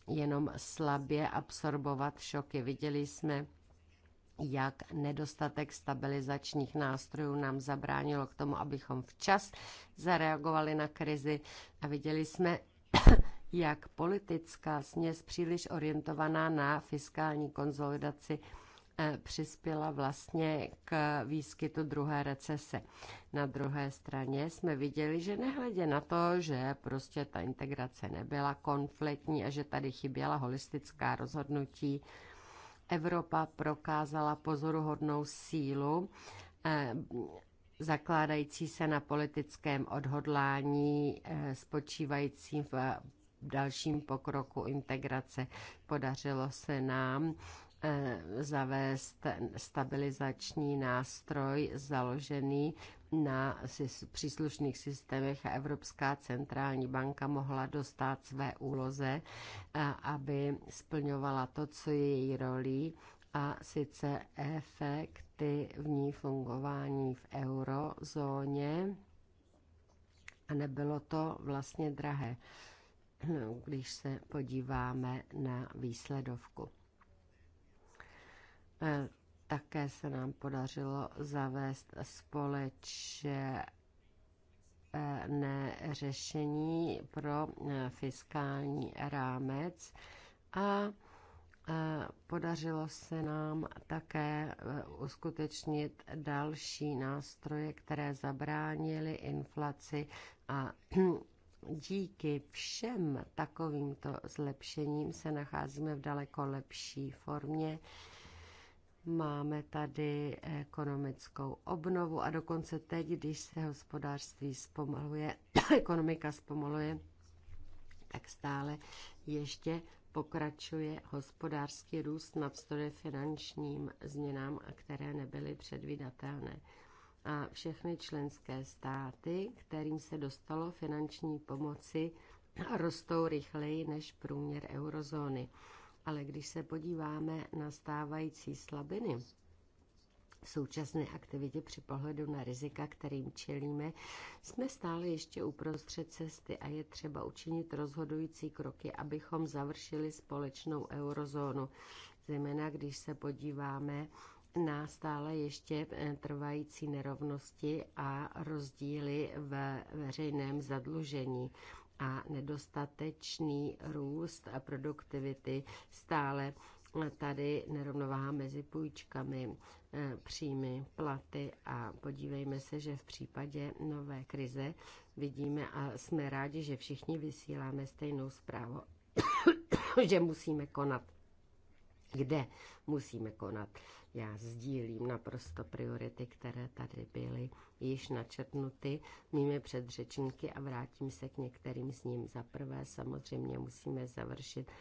jenom slabě absorbovat šoky. Viděli jsme, jak nedostatek stabilizačních nástrojů nám zabránilo k tomu, abychom včas zareagovali na krizi a viděli jsme, jak politická směs příliš orientovaná na fiskální konsolidaci eh, přispěla vlastně k výskytu druhé recese. Na druhé straně jsme viděli, že nehledě na to, že prostě ta integrace nebyla konfliktní a že tady chyběla holistická rozhodnutí, Evropa prokázala pozoruhodnou sílu eh, zakládající se na politickém odhodlání eh, spočívajícím v dalším pokroku integrace. Podařilo se nám eh, zavést stabilizační nástroj založený na příslušných systémech a Evropská centrální banka mohla dostat své úloze, eh, aby splňovala to, co je její rolí, a sice efektivní fungování v eurozóně. A nebylo to vlastně drahé když se podíváme na výsledovku. E, také se nám podařilo zavést společné řešení pro e, fiskální rámec a e, Podařilo se nám také uskutečnit další nástroje, které zabránily inflaci a díky všem takovýmto zlepšením se nacházíme v daleko lepší formě. Máme tady ekonomickou obnovu a dokonce teď, když se hospodářství zpomaluje, ekonomika zpomaluje, tak stále ještě pokračuje hospodářský růst navzdory finančním změnám, které nebyly předvídatelné a všechny členské státy, kterým se dostalo finanční pomoci, rostou rychleji než průměr eurozóny. Ale když se podíváme na stávající slabiny v současné aktivitě při pohledu na rizika, kterým čelíme, jsme stále ještě uprostřed cesty a je třeba učinit rozhodující kroky, abychom završili společnou eurozónu. Zejména když se podíváme na stále ještě eh, trvající nerovnosti a rozdíly ve veřejném zadlužení a nedostatečný růst a produktivity stále eh, tady nerovnováha mezi půjčkami, eh, příjmy, platy a podívejme se, že v případě nové krize vidíme a jsme rádi, že všichni vysíláme stejnou zprávu, že musíme konat. Kde musíme konat? Já sdílím naprosto priority, které tady byly již načetnuty mými předřečníky a vrátím se k některým z ním. Za prvé samozřejmě musíme završit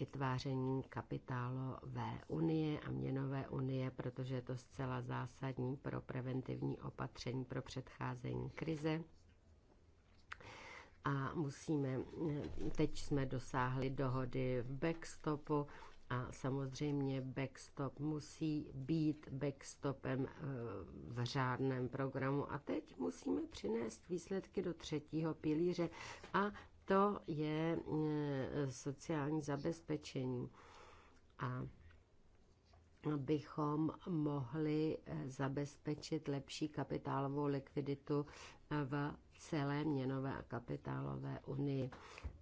vytváření kapitálové unie a měnové unie, protože je to zcela zásadní pro preventivní opatření pro předcházení krize a musíme, teď jsme dosáhli dohody v backstopu, a samozřejmě backstop musí být backstopem eh, v řádném programu. A teď musíme přinést výsledky do třetího pilíře a to je eh, sociální zabezpečení. A abychom mohli eh, zabezpečit lepší kapitálovou likviditu v celé měnové a kapitálové unii.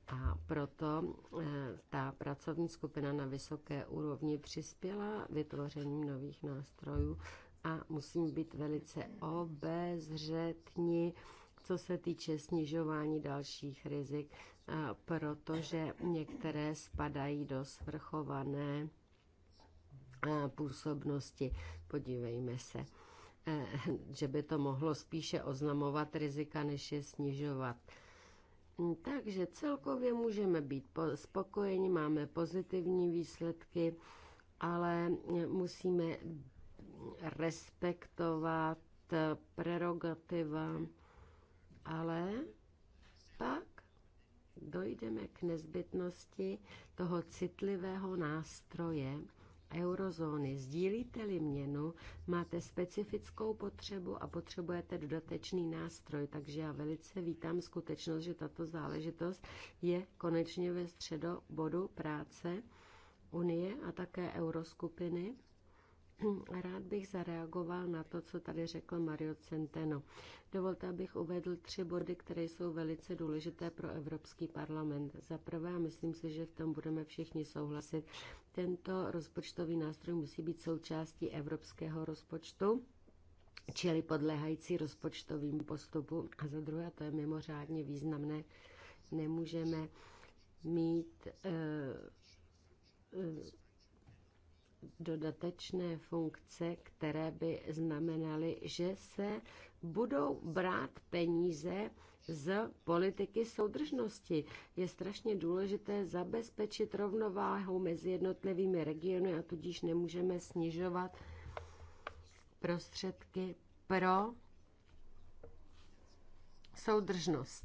A proto eh, ta pracovní skupina na vysoké úrovni přispěla vytvořením nových nástrojů a musím být velice obezřetní, co se týče snižování dalších rizik, protože některé spadají do svrchované eh, působnosti. Podívejme se Eh, že by to mohlo spíše oznamovat rizika, než je snižovat. Takže celkově můžeme být spokojeni, máme pozitivní výsledky, ale musíme respektovat prerogativa, ale pak dojdeme k nezbytnosti toho citlivého nástroje, eurozóny. Sdílíte-li měnu, máte specifickou potřebu a potřebujete dodatečný nástroj, takže já velice vítám skutečnost, že tato záležitost je konečně ve bodu práce Unie a také euroskupiny. Rád bych zareagoval na to, co tady řekl Mario Centeno. Dovolte, abych uvedl tři body, které jsou velice důležité pro Evropský parlament. Za prvé, a myslím si, že v tom budeme všichni souhlasit, tento rozpočtový nástroj musí být součástí evropského rozpočtu, čili podléhající rozpočtovým postupu. A za druhé, to je mimořádně významné, nemůžeme mít e, e, dodatečné funkce, které by znamenaly, že se budou brát peníze z politiky soudržnosti. Je strašně důležité zabezpečit rovnováhu mezi jednotlivými regiony a tudíž nemůžeme snižovat prostředky pro soudržnost,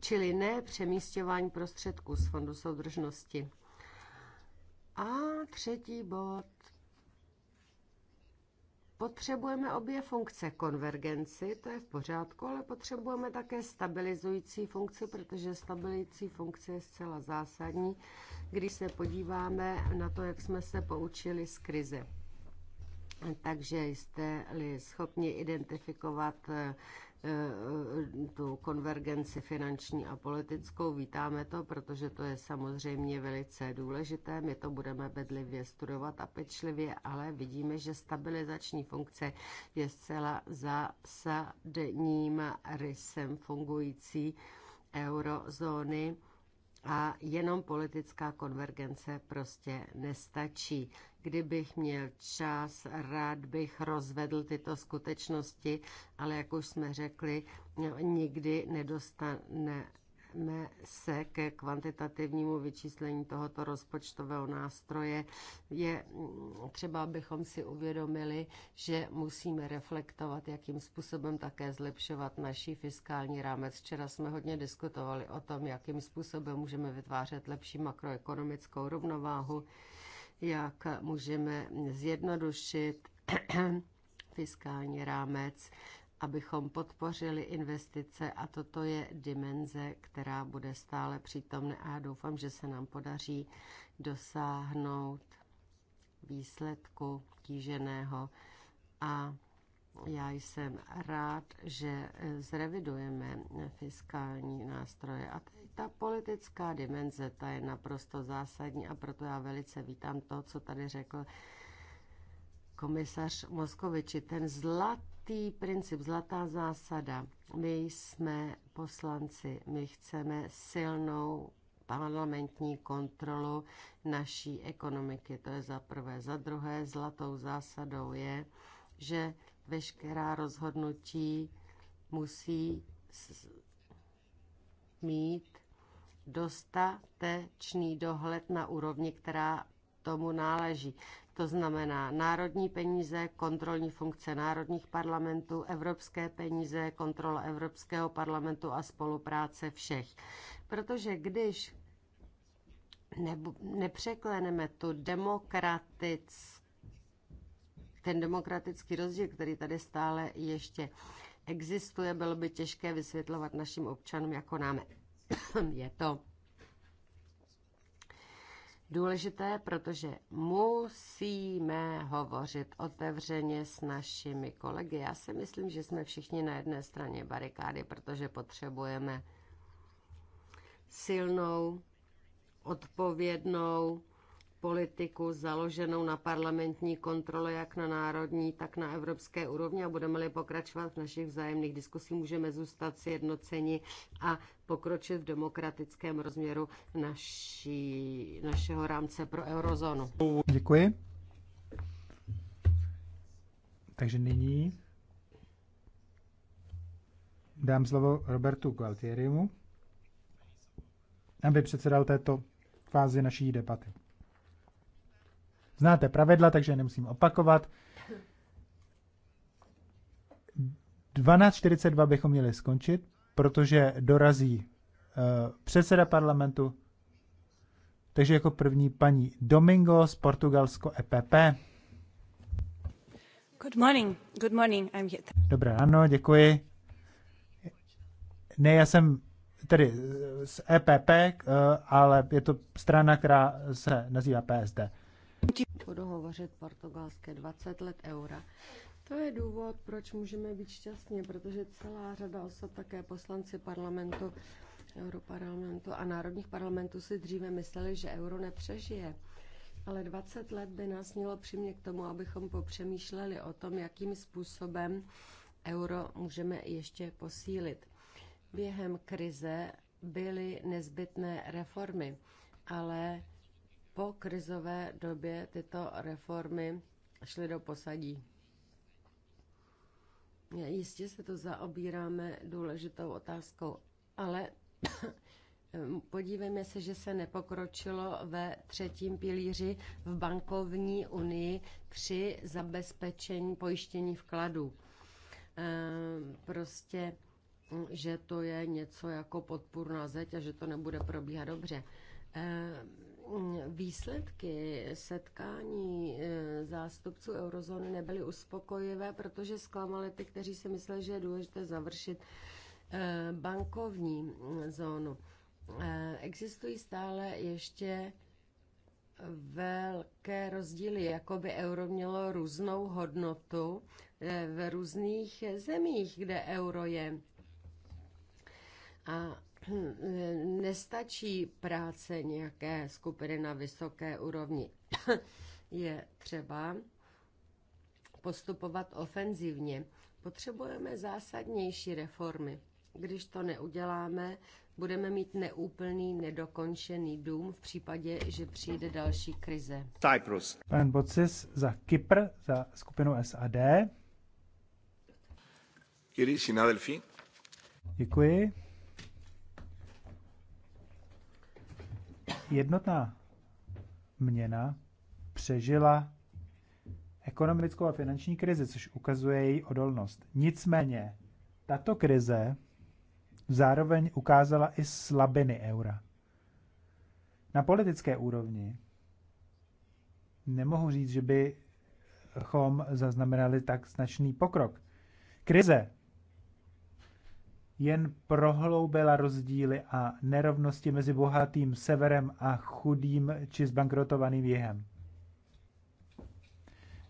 čili ne přemístěvání prostředků z Fondu soudržnosti. A třetí bod Potřebujeme obě funkce konvergenci, to je v pořádku, ale potřebujeme také stabilizující funkci, protože stabilizující funkce je zcela zásadní, když se podíváme na to, jak jsme se poučili z krize. Takže jste-li schopni identifikovat eh, eh, tu konvergenci finanční a politickou, vítáme to, protože to je samozřejmě velice důležité. My to budeme bedlivě studovat a pečlivě, ale vidíme, že stabilizační funkce je zcela zásadním rysem fungující eurozóny a jenom politická konvergence prostě nestačí. Kdybych měl čas, rád bych rozvedl tyto skutečnosti, ale jak už jsme řekli, nikdy nedostane se ke kvantitativnímu vyčíslení tohoto rozpočtového nástroje, je třeba, abychom si uvědomili, že musíme reflektovat, jakým způsobem také zlepšovat naší fiskální rámec. Včera jsme hodně diskutovali o tom, jakým způsobem můžeme vytvářet lepší makroekonomickou rovnováhu jak můžeme zjednodušit fiskální rámec, abychom podpořili investice a toto je dimenze, která bude stále přítomná a já doufám, že se nám podaří dosáhnout výsledku kýženého a já jsem rád, že eh, zrevidujeme fiskální nástroje a tady ta politická dimenze, ta je naprosto zásadní a proto já velice vítám to, co tady řekl komisař Moskoviči, ten zlatý princip, zlatá zásada. My jsme poslanci, my chceme silnou parlamentní kontrolu naší ekonomiky. To je za prvé. Za druhé, zlatou zásadou je, že veškerá rozhodnutí musí mít dostatečný dohled na úrovni, která tomu náleží. To znamená národní peníze, kontrolní funkce národních parlamentů, evropské peníze, kontrola Evropského parlamentu a spolupráce všech. Protože když nepřekleneme tu demokratickou ten demokratický rozdíl, který tady stále ještě existuje, bylo by těžké vysvětlovat našim občanům, jako nám je to důležité, protože musíme hovořit otevřeně s našimi kolegy. Já si myslím, že jsme všichni na jedné straně barikády, protože potřebujeme silnou, odpovědnou politiku založenou na parlamentní kontrole jak na národní, tak na evropské úrovni a budeme-li pokračovat v našich vzájemných diskusích, můžeme zůstat sjednoceni a pokročit v demokratickém rozměru naší, našeho rámce pro eurozónu. Děkuji. Takže nyní dám slovo Robertu Gualtierimu, aby předsedal této fázi naší debaty. Znáte pravidla, takže nemusím opakovat. 12.42 bychom měli skončit, protože dorazí uh, předseda parlamentu, takže jako první paní Domingo z Portugalsko EPP. Good morning, good morning, I'm here. Dobré ráno, děkuji. Ne, já jsem tedy eh, z EPP, eh, ale je to strana, která se nazývá PSD. Budu hovořit portugalské 20 let eura. To je důvod, proč můžeme být šťastní, protože celá řada osob, také poslanci parlamentu, europarlamentu a národních parlamentů si dříve mysleli, že euro nepřežije. Ale 20 let by nás mělo přimět k tomu, abychom popřemýšleli o tom, jakým způsobem euro můžeme ještě posílit. Během krize byly nezbytné reformy, ale po krizové době tyto reformy šly do posadí. Jistě se to zaobíráme důležitou otázkou, ale podívejme se, že se nepokročilo ve třetím pilíři v bankovní unii při zabezpečení pojištění vkladů. Ehm, prostě, že to je něco jako podpůrná zeď a že to nebude probíhat dobře ehm, Výsledky setkání eh, zástupců eurozóny nebyly uspokojivé, protože zklamaly ty, kteří si mysleli, že je důležité završit eh, bankovní zónu. Eh, existují stále ještě velké rozdíly, jako by euro mělo různou hodnotu v různých zemích, kde euro je. A nestačí práce nějaké skupiny na vysoké úrovni. Je třeba postupovat ofenzivně. Potřebujeme zásadnější reformy. Když to neuděláme, budeme mít neúplný, nedokončený dům v případě, že přijde další krize. Cyprus. Pan Bocis za Kypr, za skupinu SAD. Děkuji. jednotná měna přežila ekonomickou a finanční krizi, což ukazuje její odolnost. Nicméně, tato krize zároveň ukázala i slabiny eura. Na politické úrovni nemohu říct, že bychom zaznamenali tak značný pokrok. Krize jen prohloubila rozdíly a nerovnosti mezi bohatým severem a chudým či zbankrotovaným jihem.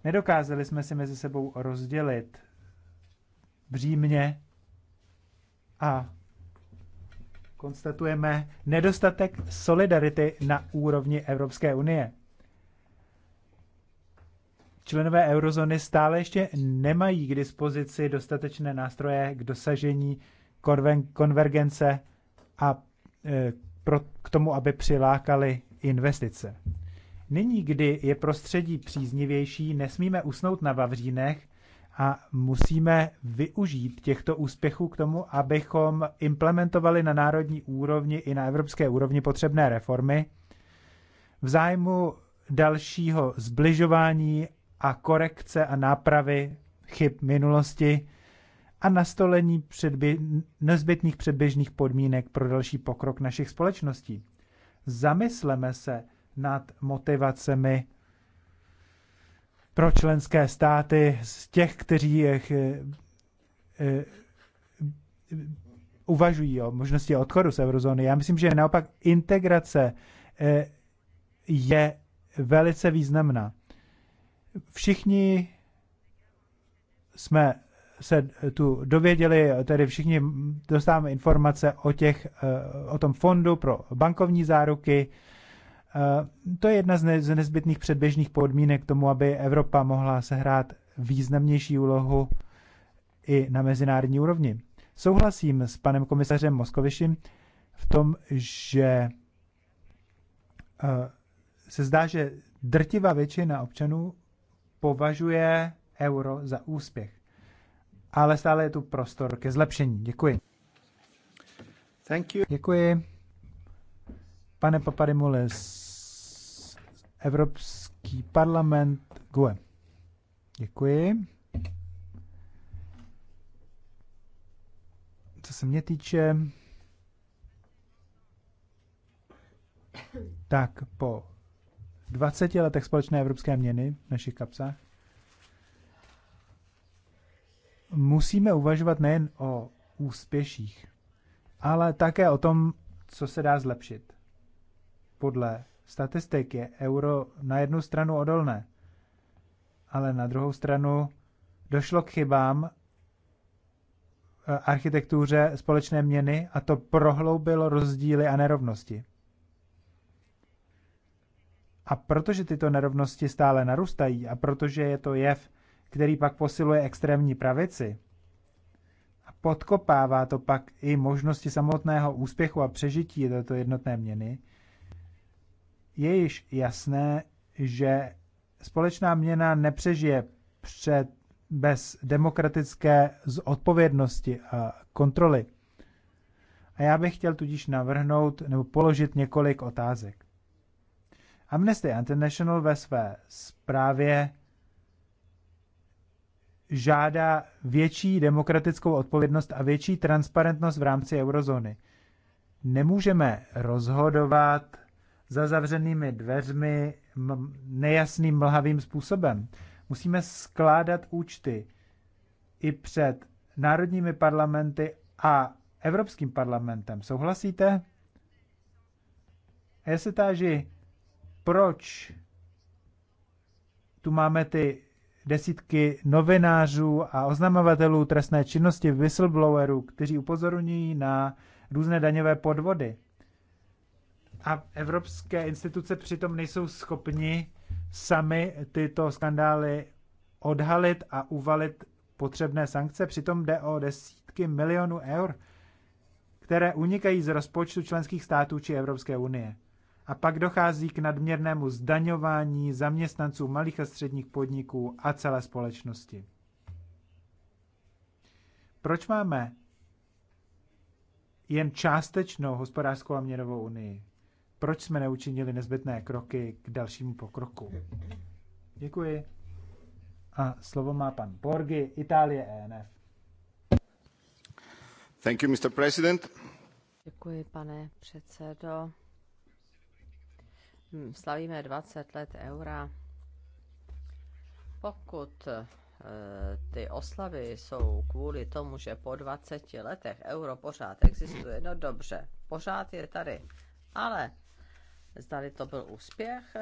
Nedokázali jsme si mezi sebou rozdělit břímně a konstatujeme nedostatek solidarity na úrovni Evropské unie. Členové eurozóny stále ještě nemají k dispozici dostatečné nástroje k dosažení konvergence a e, pro, k tomu, aby přilákali investice. Nyní, kdy je prostředí příznivější, nesmíme usnout na Vavřínech a musíme využít těchto úspěchů k tomu, abychom implementovali na národní úrovni i na evropské úrovni potřebné reformy v zájmu dalšího zbližování a korekce a nápravy chyb minulosti, a nastolení předbě- nezbytných předběžných podmínek pro další pokrok našich společností. Zamysleme se nad motivacemi pro členské státy z těch, kteří je, eh, eh, eh, uvažují o možnosti odchodu z eurozóny. Já myslím, že naopak integrace je velice významná. Všichni jsme se eh, tu dověděli, eh, tedy všichni dostáváme informace o, těch, eh, o tom fondu pro bankovní záruky. To je jedna z nezbytných předběžných podmínek k tomu, aby Evropa mohla sehrát významnější úlohu i na mezinárodní úrovni. Souhlasím s panem komisařem Moskovišem v tom, že se zdá, že drtivá většina občanů považuje euro za úspěch ale stále je tu prostor ke zlepšení. Děkuji. Thank you. Děkuji. Pane Papadimulis, Evropský parlament GUE. Děkuji. Co se mě týče, tak po 20 letech společné evropské měny v našich kapsách musíme uvažovat nejen o úspěších, ale také o tom, co se dá zlepšit. Podle statistik je euro na jednu stranu odolné, ale na druhou stranu došlo k chybám eh, architektuře společné měny a to prohloubilo rozdíly a nerovnosti. A protože tyto nerovnosti stále narůstají a protože je to jev, který pak posiluje extrémní pravici. A podkopává to pak i možnosti samotného úspěchu a přežití této jednotné měny, je již jasné, že společná měna nepřežije před, bez demokratické odpovědnosti a kontroly. A já bych chtěl tudíž navrhnout nebo položit několik otázek. Amnesty International ve své zprávě žádá větší demokratickou odpovědnost a větší transparentnost v rámci eurozóny. Nemůžeme rozhodovat za zavřenými dveřmi nejasným mlhavým způsobem. Musíme skládat účty i před národními parlamenty a Evropským parlamentem. Souhlasíte? A já se táži, proč tu máme ty desítky novinářů a oznamovatelů trestné činnosti, whistleblowerů, kteří upozorňují na různé daňové podvody. A evropské instituce přitom nejsou schopni sami tyto skandály odhalit a uvalit potřebné sankce. Přitom jde o desítky milionů eur, které unikají z rozpočtu členských států či Evropské unie. A pak dochází k nadměrnému zdaňování zaměstnanců malých a středních podniků a celé společnosti. Proč máme jen částečnou hospodářskou a měnovou unii? Proč jsme neučinili nezbytné kroky k dalšímu pokroku? Děkuji. A slovo má pan Borgi, Itálie ENF. Thank you, Mr. President. Děkuji, pane předsedo. Hm, slavíme 20 let eura. Pokud eh, ty oslavy jsou kvůli tomu, že po 20 letech euro pořád existuje, no dobře, pořád je tady. Ale zdali to byl úspěch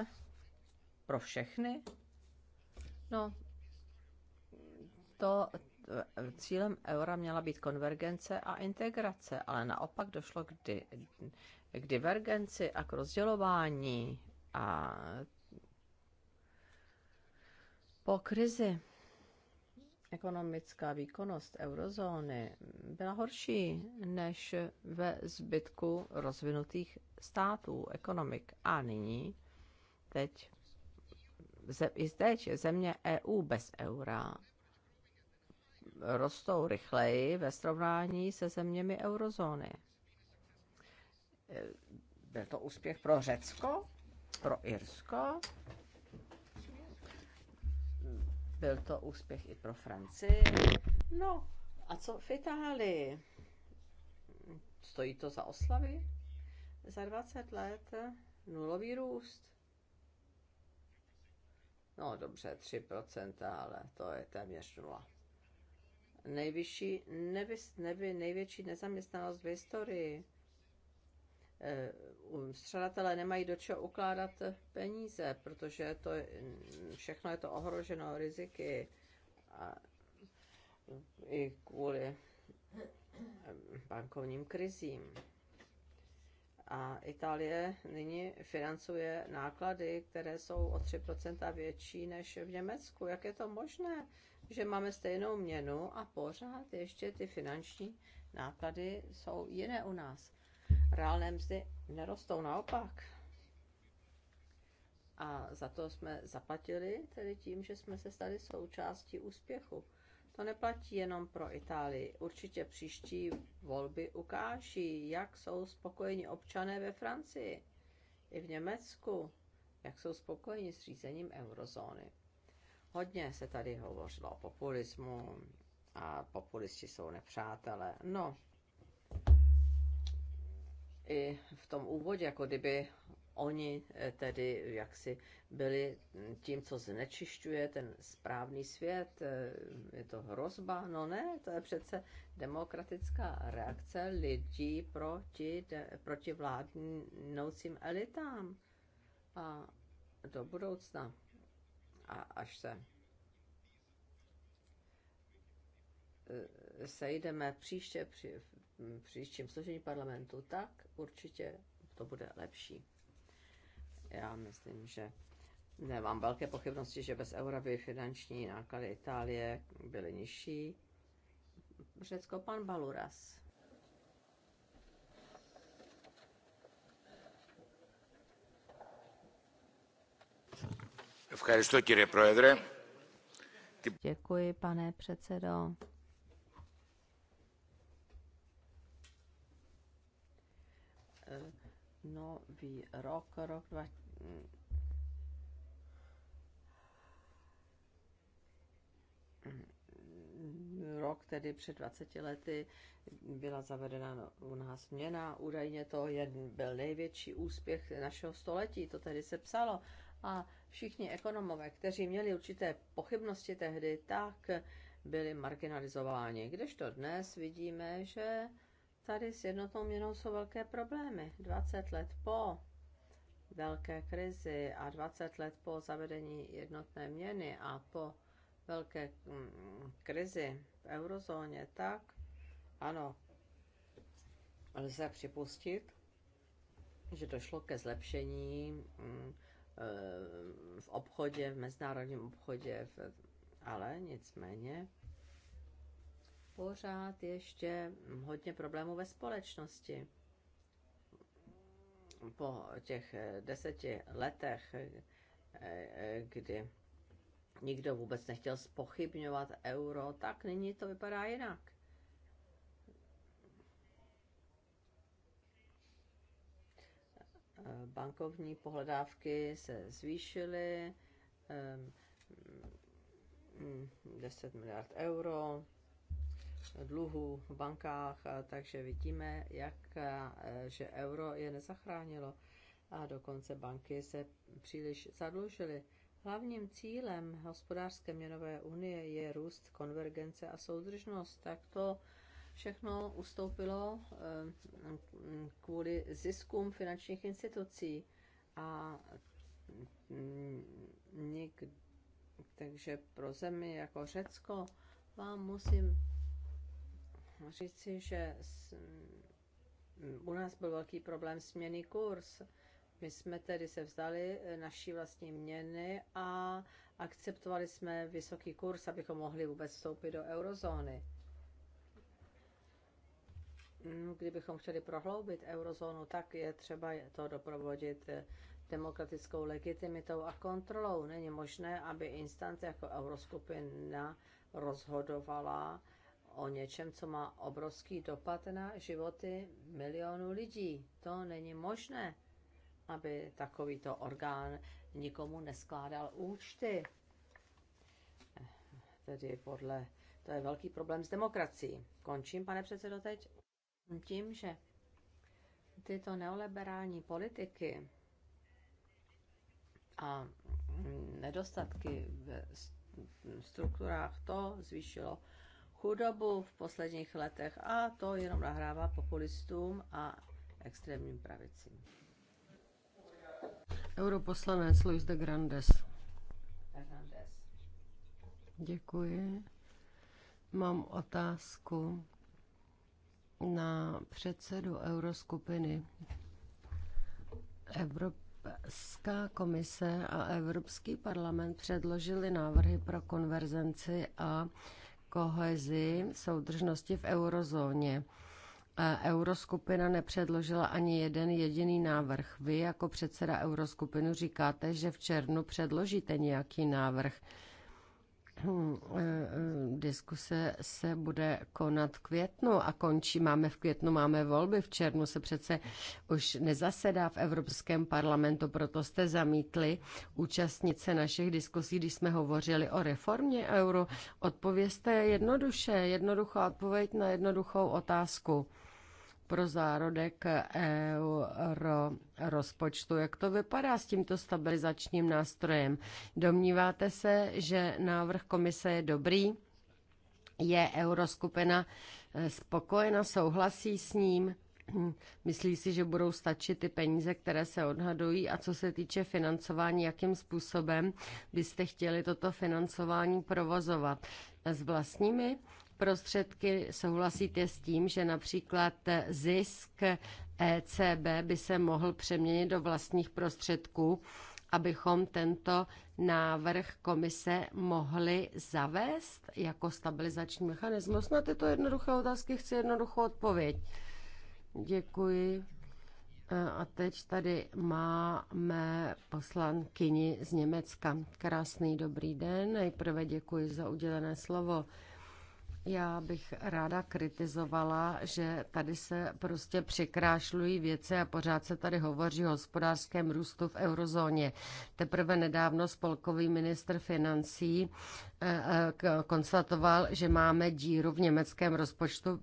pro všechny? No, to eh, cílem eura měla být konvergence a integrace, ale naopak došlo k di- k divergenci a k rozdělování a po krizi ekonomická výkonnost eurozóny byla horší než ve zbytku rozvinutých států, ekonomik. A nyní, teď, i zde je země EU bez eura rostou rychleji ve srovnání se zeměmi eurozóny. Eh, byl to úspěch pro Řecko, pro Irsko, byl to úspěch i pro Francii. No, a co v Itálii? Stojí to za oslavy? Za 20 let nulový růst. No dobře, 3%, ale to je téměř nula. Nejvyšší, nevys, nevy, největší nezaměstnanost v historii Eh, střadatelé nemají do čeho ukládat peníze, protože to, všechno je to ohroženo riziky a i kvůli eh, bankovním krizím. A Itálie nyní financuje náklady, které jsou o 3% větší než v Německu. Jak je to možné, že máme stejnou měnu a pořád ještě ty finanční náklady jsou jiné u nás? reálné mzdy nerostou, naopak. A za to jsme zaplatili tedy tím, že jsme se stali součástí úspěchu. To neplatí jenom pro Itálii. Určitě příští volby ukáží, jak jsou spokojeni občané ve Francii i v Německu, jak jsou spokojeni s řízením eurozóny. Hodně se tady hovořilo o populismu a populisti jsou nepřátelé. No, i v tom úvodě, jako kdyby oni eh, tedy jaksi byli tím, co znečišťuje ten správný svět, eh, je to hrozba, no ne, to je přece demokratická reakce lidí proti, de, proti vládnoucím elitám a do budoucna. A až se eh, sejdeme příště při, Mm, příštím složení parlamentu, tak určitě to bude lepší. Já myslím, že nemám velké pochybnosti, že bez eura by finanční náklady Itálie byly nižší. Řecko pan Baluras. Děkuji, pane předsedo. Eh, nový rok, rok 2000, rok, tedy před 20 lety, byla zavedena u nás měna. Údajně to je, byl největší úspěch našeho století, to tedy se psalo. A všichni ekonomové, kteří měli určité pochybnosti tehdy, tak byli marginalizováni. Kdežto dnes vidíme, že tady s jednotnou měnou jsou velké problémy. 20 let po velké krizi a 20 let po zavedení jednotné měny a po velké mm, krizi v eurozóně, tak ano, lze připustit, že došlo ke zlepšení mm, eh, v obchodě, v mezinárodním obchodě, ale nicméně pořád ještě hodně problémů ve společnosti. Po těch eh, deseti letech, eh, eh, kdy nikdo vůbec nechtěl spochybňovat euro, tak nyní to vypadá jinak. Bankovní pohledávky se zvýšily, 10 miliard euro, dluhů v bankách, takže vidíme, jak, že euro je nezachránilo a dokonce banky se příliš zadlužily. Hlavním cílem hospodářské měnové unie je růst, konvergence a soudržnost. Tak to všechno ustoupilo eh, kvůli ziskům finančních institucí a mm, nik, takže pro zemi jako Řecko vám musím říci, že mm, u nás byl velký problém směný kurz. My jsme tedy se vzdali eh, naší vlastní měny a akceptovali jsme vysoký kurz, abychom mohli vůbec vstoupit do eurozóny. Mm, kdybychom chtěli prohloubit eurozónu, tak je třeba to doprovodit eh, demokratickou legitimitou a kontrolou. Není možné, aby instance jako Euroskupina rozhodovala o něčem, co má obrovský dopad na životy milionů lidí. To není možné, aby takovýto orgán nikomu neskládal účty. Tedy podle, to je velký problém s demokracií. Končím, pane předsedo, teď tím, že tyto neoliberální politiky a nedostatky v strukturách to zvýšilo chudobu v posledních letech a to jenom nahrává populistům a extrémním pravicím. Europoslanec Luis de Grandes. Hernandez. Děkuji. Mám otázku na předsedu euroskupiny. Evropská komise a Evropský parlament předložili návrhy pro konverzenci a kohezi soudržnosti v eurozóně. Euroskupina nepředložila ani jeden jediný návrh. Vy jako předseda Euroskupinu říkáte, že v červnu předložíte nějaký návrh. Hmm, eh, eh, diskuse se bude konat v květnu a končí, máme v květnu, máme volby, v červnu se přece už nezasedá v Evropském parlamentu, proto jste zamítli účastnit se našich diskusí, když jsme hovořili o reformě euro. Odpověste jednoduše, jednoduchá odpověď na jednoduchou otázku pro zárodek euro rozpočtu. Jak to vypadá s tímto stabilizačním nástrojem? Domníváte se, že návrh komise je dobrý? Je euroskupina eh, spokojena, souhlasí s ním? Myslí si, že budou stačit ty peníze, které se odhadují a co se týče financování, jakým způsobem byste chtěli toto financování provozovat? S vlastními prostředky. Souhlasíte s tím, že například zisk ECB by se mohl přeměnit do vlastních prostředků, abychom tento návrh komise mohli zavést jako stabilizační mechanismus? Na tyto jednoduché otázky chci jednoduchou odpověď. Děkuji. A teď tady máme poslankyni z Německa. Krásný dobrý den. Nejprve děkuji za udělené slovo. Já bych ráda kritizovala, že tady se prostě překrášlují věci a pořád se tady hovoří o hospodářském růstu v eurozóně. Teprve nedávno spolkový ministr financí eh, eh, konstatoval, že máme díru v německém rozpočtu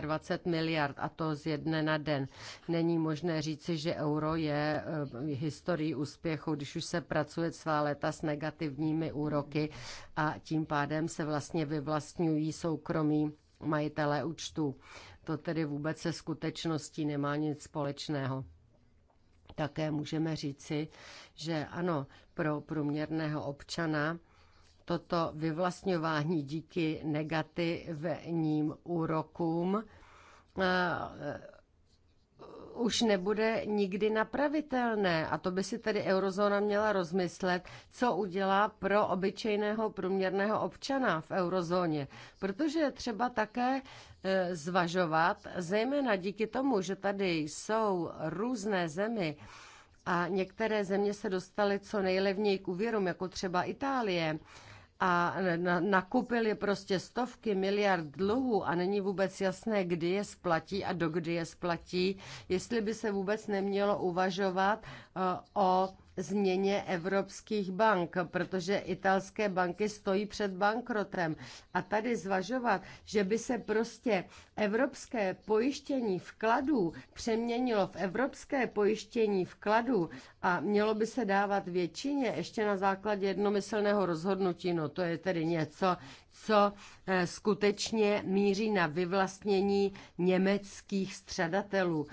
25 miliard a to z jedné na den. Není možné říci, že euro je eh, historií úspěchu, když už se pracuje svá léta s negativními úroky a tím pádem se vlastně vyvlastňují jsou soukromí majitelé účtu. To tedy vůbec se skutečností nemá nic společného. Také můžeme říci, že ano, pro průměrného občana toto vyvlastňování díky negativním úrokům už nebude nikdy napravitelné. A to by si tedy eurozóna měla rozmyslet, co udělá pro obyčejného průměrného občana v eurozóně. Protože je třeba také e, zvažovat, zejména díky tomu, že tady jsou různé zemi, a některé země se dostaly co nejlevněji k úvěrům, jako třeba Itálie, a nakupili prostě stovky miliard dluhů a není vůbec jasné, kdy je splatí a dokdy je splatí, jestli by se vůbec nemělo uvažovat eh, o změně evropských bank, protože italské banky stojí před bankrotem. A tady zvažovat, že by se prostě evropské pojištění vkladů přeměnilo v evropské pojištění vkladů a mělo by se dávat většině ještě na základě jednomyslného rozhodnutí, no to je tedy něco, co eh, skutečně míří na vyvlastnění německých středatelů.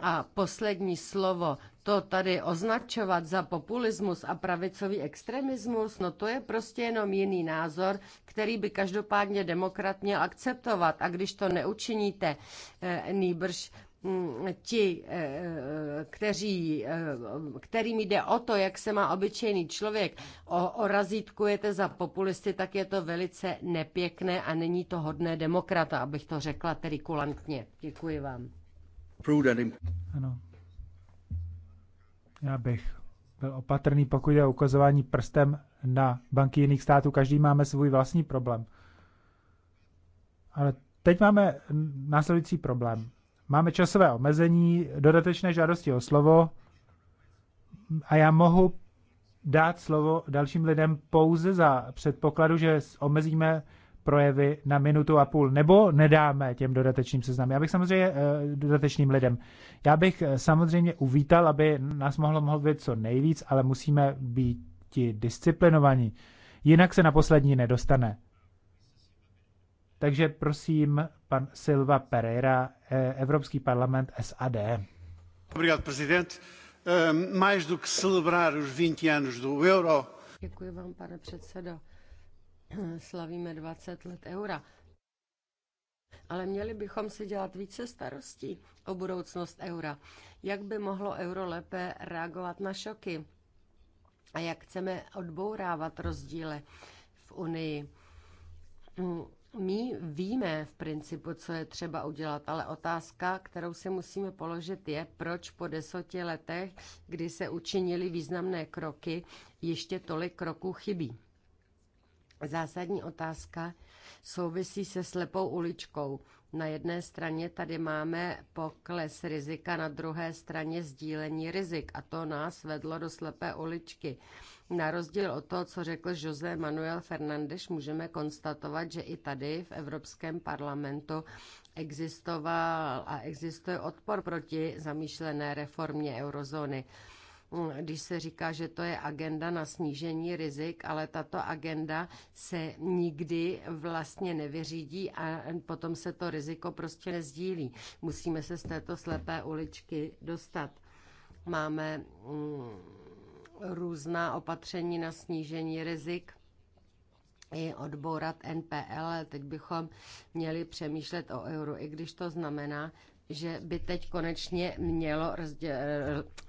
A poslední slovo to tady označovat za populismus a pravicový extremismus, no to je prostě jenom jiný názor, který by každopádně demokrat měl akceptovat. A když to neučiníte, eh, nýbrž mm, ti, eh, eh, kteří, kterým jde o to, jak se má obyčejný člověk, o, o razítkujete za populisty, tak je to velice nepěkné a není to hodné demokrata, abych to řekla tedy kulantně. Děkuji vám. Ano, já bych byl opatrný, pokud je ukazování prstem na banky jiných států. Každý máme svůj vlastní problém. Ale teď máme následující problém. Máme časové omezení, dodatečné žádosti o slovo a já mohu dát slovo dalším lidem pouze za předpokladu, že omezíme projevy na minutu a půl, nebo nedáme těm dodatečným seznamy. Já bych samozřejmě eh, dodatečným lidem. Já bych eh, samozřejmě uvítal, aby nás mohlo mluvit co nejvíc, ale musíme být disciplinovaní. Jinak se na poslední nedostane. Takže prosím, pan Silva Pereira, eh, Evropský parlament SAD. Obrigado, prezident. Mais do que celebrar os 20 anos do euro. Děkuji vám, pane předsedo slavíme 20 let eura. Ale měli bychom si dělat více starostí o budoucnost eura. Jak by mohlo euro lépe reagovat na šoky? A jak chceme odbourávat rozdíly v Unii? Mm, my víme v principu, co je třeba udělat, ale otázka, kterou si musíme položit, je, proč po deseti letech, kdy se učinili významné kroky, ještě tolik kroků chybí. Zásadní otázka souvisí se slepou uličkou. Na jedné straně tady máme pokles rizika, na druhé straně sdílení rizik a to nás vedlo do slepé uličky. Na rozdíl od toho, co řekl José Manuel Fernández, můžeme konstatovat, že i tady v Evropském parlamentu existoval a existuje odpor proti zamýšlené reformě eurozóny když se říká, že to je agenda na snížení rizik, ale tato agenda se nikdy vlastně nevyřídí a potom se to riziko prostě nezdílí. Musíme se z této slepé uličky dostat. Máme mm, různá opatření na snížení rizik i odbourat NPL, teď bychom měli přemýšlet o euro. i když to znamená, že by teď konečně mělo rozdě-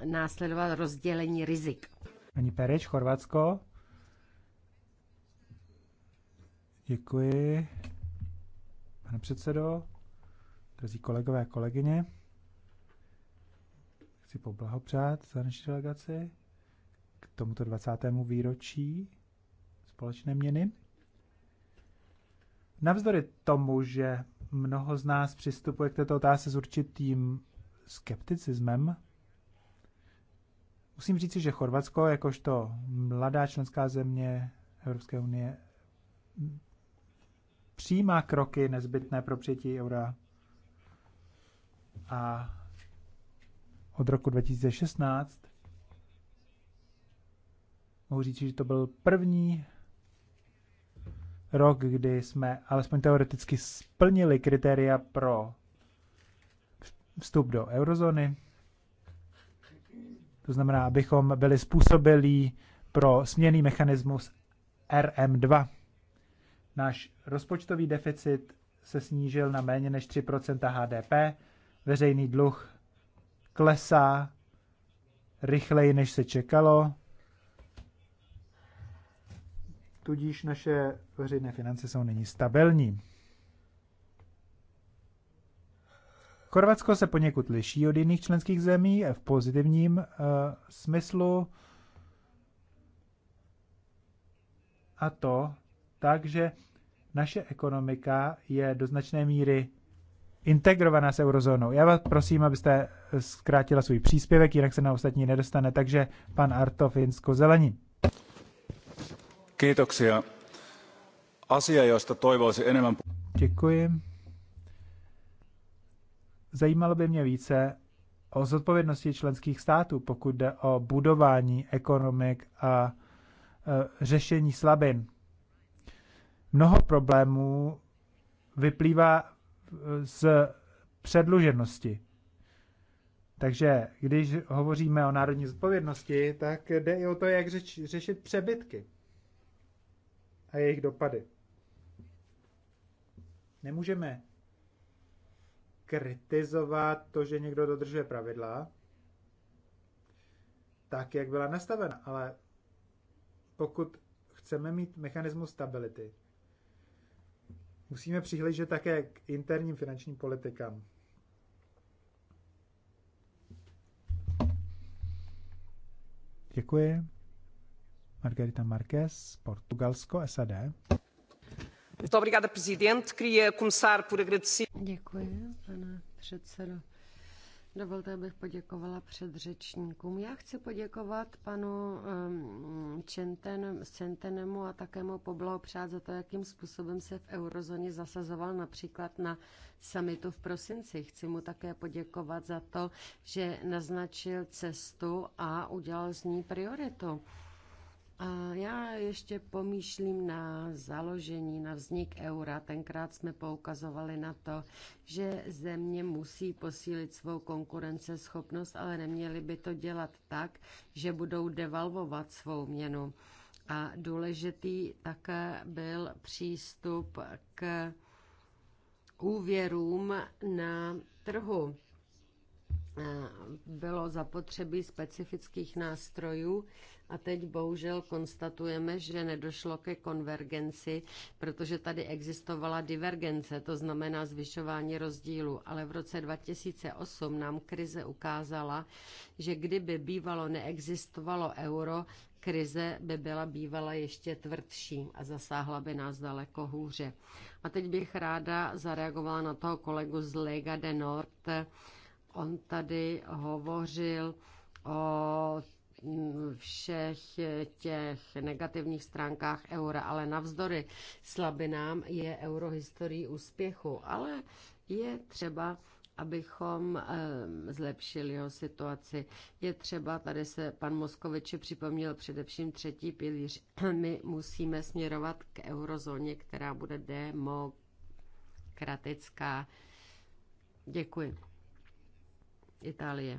následovat rozdělení rizik. Ani Perič, Chorvatsko. Děkuji, pane předsedo, drazí kolegové a kolegyně. Chci poblahopřát za naši delegaci k tomuto 20. výročí společné měny. Navzdory tomu, že mnoho z nás přistupuje k této otázce s určitým skepticismem. Musím říci, že Chorvatsko, jakožto mladá členská země Evropské unie, přijímá kroky nezbytné pro přijetí eura a od roku 2016 mohu říct, že to byl první rok, kdy jsme alespoň teoreticky splnili kritéria pro vstup do eurozóny. To znamená, abychom byli způsobilí pro směný mechanismus RM2. Náš rozpočtový deficit se snížil na méně než 3 HDP, veřejný dluh klesá rychleji, než se čekalo, Tudíž naše veřejné finance jsou nyní stabilní. Chorvatsko se poněkud liší od jiných členských zemí v pozitivním uh, smyslu. A to tak, že naše ekonomika je do značné míry integrovaná s eurozónou. Já vás prosím, abyste eh, zkrátila svůj příspěvek, jinak se na ostatní nedostane. Takže pan Arto Finsko zelení. Kiitoksia. Asia, josta toivoisin enemmän... Děkuji. Zajímalo by mě více o zodpovědnosti členských států, pokud jde o budování ekonomik a e, řešení slabin. Mnoho problémů vyplývá e, z předluženosti. Takže když hovoříme o národní zodpovědnosti, tak jde i o to, jak řeč, řešit přebytky a jejich dopady. Nemůžeme kritizovat to, že někdo dodržuje pravidla, tak, jak byla nastavena, ale pokud chceme mít mechanismus stability, musíme přihlížet také k interním finančním politikám. Děkuji. Margarita Marques, Portugalsko, SAD. Muito obrigada, presidente. Queria começar por agradecer. Děkuji, pane předsedo. Dovolte, abych poděkovala předřečníkům. Já chci poděkovat panu ehm, Čenten, Centenemu a také mu poblahopřát za to, jakým způsobem se v eurozóně zasazoval například na summitu v prosinci. Chci mu také poděkovat za to, že naznačil cestu a udělal z ní prioritu. A já ještě pomýšlím na založení, na vznik eura. Tenkrát jsme poukazovali na to, že země musí posílit svou konkurenceschopnost, ale neměli by to dělat tak, že budou devalvovat svou měnu. A důležitý také byl přístup k úvěrům na trhu Eh, bylo zapotřebí specifických nástrojů a teď bohužel konstatujeme, že nedošlo ke konvergenci, protože tady existovala divergence, to znamená zvyšování rozdílu. Ale v roce 2008 nám krize ukázala, že kdyby bývalo neexistovalo euro, krize by byla bývala ještě tvrdší a zasáhla by nás daleko hůře. A teď bych ráda zareagovala na toho kolegu z Lega de Nord, On tady hovořil o všech těch negativních stránkách eura, ale navzdory slabinám je euro historií úspěchu, ale je třeba abychom eh, zlepšili jeho situaci. Je třeba, tady se pan Moskoviči připomněl především třetí pilíř, my musíme směrovat k eurozóně, která bude demokratická. Děkuji. Itálie.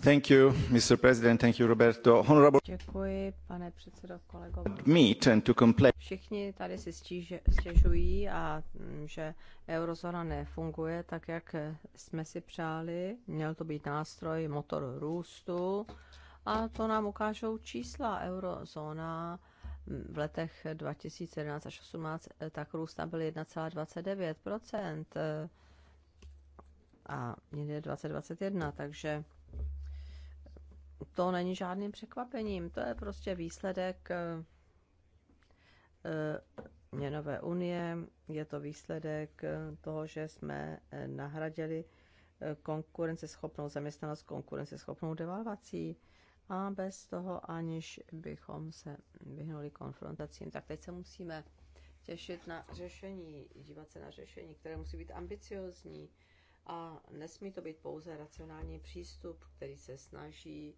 Thank you, Mr. President. Thank you, Roberto. Honorable... Děkuji, pane předsedo, kolegové. Meet and to complain. Všichni tady si stěžují a mm, že eurozóna nefunguje tak, jak jsme si přáli. Měl to být nástroj, motor růstu. A to nám ukážou čísla. Eurozóna mm, v letech 2011 až 2018 eh, tak růst tam byl 1,29 a je 2021, takže to není žádným překvapením, to je prostě výsledek eh, eh, měnové unie, je to výsledek eh, toho, že jsme nahradili konkurenceschopnou zaměstnanost konkurenceschopnou devalvací a bez toho, aniž bychom se vyhnuli konfrontacím. Tak teď se musíme těšit na řešení, dívat se na řešení, které musí být ambiciozní, a nesmí to být pouze racionální přístup, který se snaží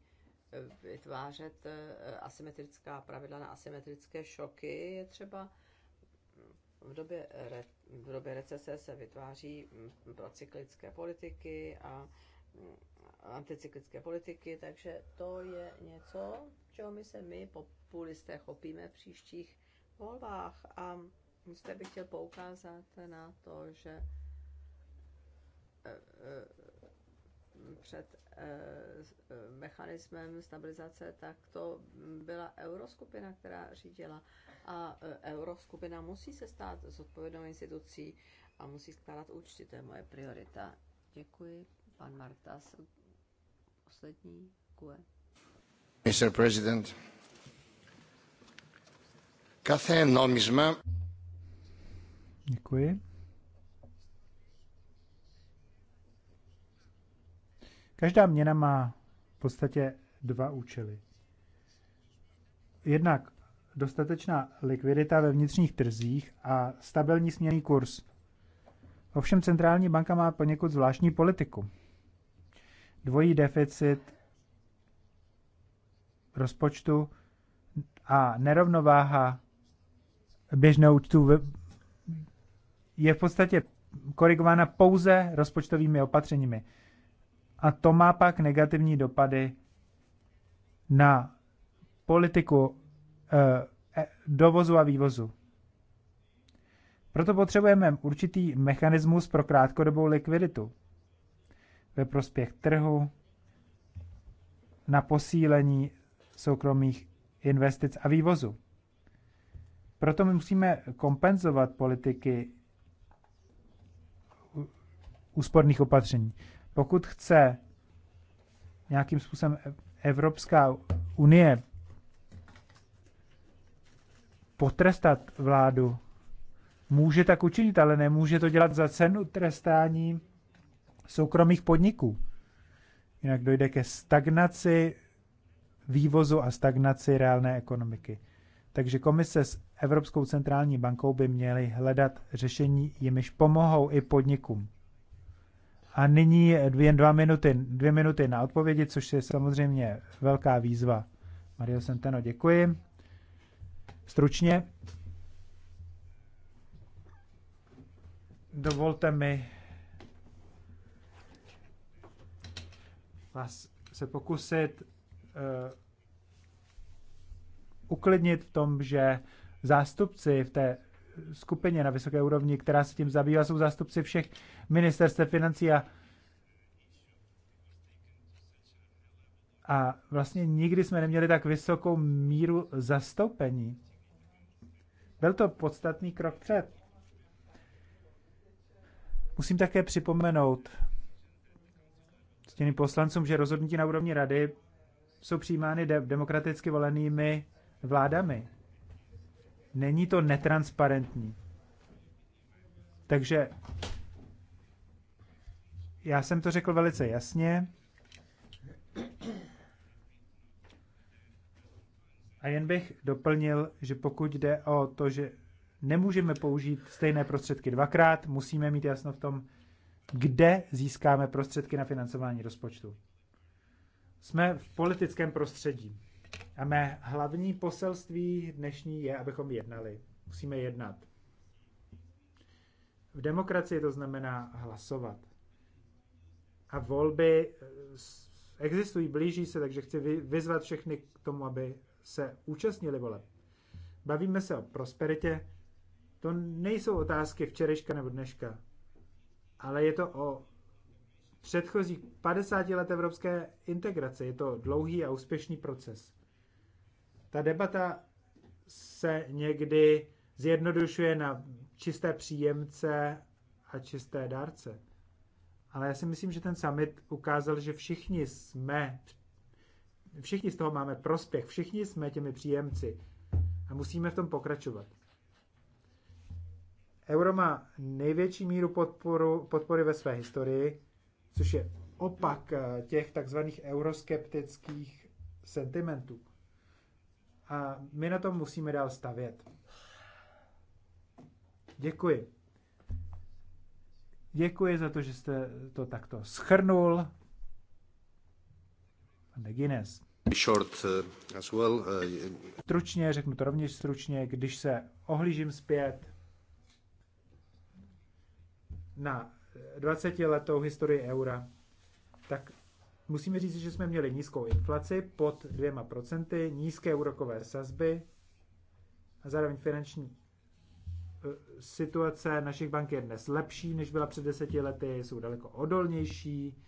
eh, vytvářet eh, asymetrická pravidla na asymetrické šoky. Je třeba mm, v době, re, v době recese se vytváří mm, procyklické politiky a mm, anticyklické politiky, takže to je něco, čeho my se my populisté chopíme v příštích volbách. A zde bych chtěl poukázat na to, že Eh, před eh, mechanismem stabilizace, tak to byla euroskupina, která řídila. A eh, euroskupina musí se stát zodpovědnou institucí a musí skládat účty. To je moje priorita. Děkuji. Pan Martas, poslední kue. Mr. President, κάθε nomisma. Děkuji. Každá měna má v podstatě dva účely. Jednak dostatečná likvidita ve vnitřních trzích a stabilní směný kurz. Ovšem centrální banka má poněkud zvláštní politiku. Dvojí deficit rozpočtu a nerovnováha běžného účtu je v podstatě korigována pouze rozpočtovými opatřeními. A to má pak negativní dopady na politiku eh, e, dovozu a vývozu. Proto potřebujeme určitý mechanismus pro krátkodobou likviditu ve prospěch trhu, na posílení soukromých investic a vývozu. Proto my musíme kompenzovat politiky úsporných opatření. Pokud chce nějakým způsobem Evropská unie potrestat vládu, může tak učinit, ale nemůže to dělat za cenu trestání soukromých podniků. Jinak dojde ke stagnaci vývozu a stagnaci reálné ekonomiky. Takže komise s Evropskou centrální bankou by měly hledat řešení, jimiž pomohou i podnikům. A nyní jen dva minuty, dvě minuty na odpovědi, což je samozřejmě velká výzva. Mario Centeno, děkuji. Stručně. Dovolte mi vás se pokusit uh, uklidnit v tom, že zástupci v té skupině na vysoké úrovni, která se tím zabývá, jsou zástupci všech ministerstve financí a A vlastně nikdy jsme neměli tak vysokou míru zastoupení. Byl to podstatný krok před. Musím také připomenout stěným poslancům, že rozhodnutí na úrovni rady jsou přijímány de- demokraticky volenými vládami. Není to netransparentní. Takže já jsem to řekl velice jasně. A jen bych doplnil, že pokud jde o to, že nemůžeme použít stejné prostředky dvakrát, musíme mít jasno v tom, kde získáme prostředky na financování rozpočtu. Jsme v politickém prostředí a mé hlavní poselství dnešní je, abychom jednali. Musíme jednat. V demokracii to znamená hlasovat a volby eh, existují, blíží se, takže chci vyzvat všechny k tomu, aby se účastnili voleb. Bavíme se o prosperitě. To nejsou otázky včerejška nebo dneška, ale je to o předchozí 50 let evropské integrace. Je to dlouhý a úspěšný proces. Ta debata se někdy zjednodušuje na čisté příjemce a čisté dárce. Ale já si myslím, že ten summit ukázal, že všichni jsme, všichni z toho máme prospěch, všichni jsme těmi příjemci a musíme v tom pokračovat. Euro má největší míru podporu, podpory ve své historii, což je opak eh, těch takzvaných euroskeptických sentimentů. A my na tom musíme dál stavět. Děkuji. Děkuji za to, že jste to takto schrnul. Pane Guinness. Short, eh, as well, eh, stručně, řeknu to rovněž stručně, když se ohlížím zpět na 20 letou historii eura, tak musíme říct, že jsme měli nízkou inflaci pod dvěma procenty, nízké úrokové sazby a zároveň finanční Eh, situace našich bank je dnes lepší, než byla před deseti lety, jsou daleko odolnější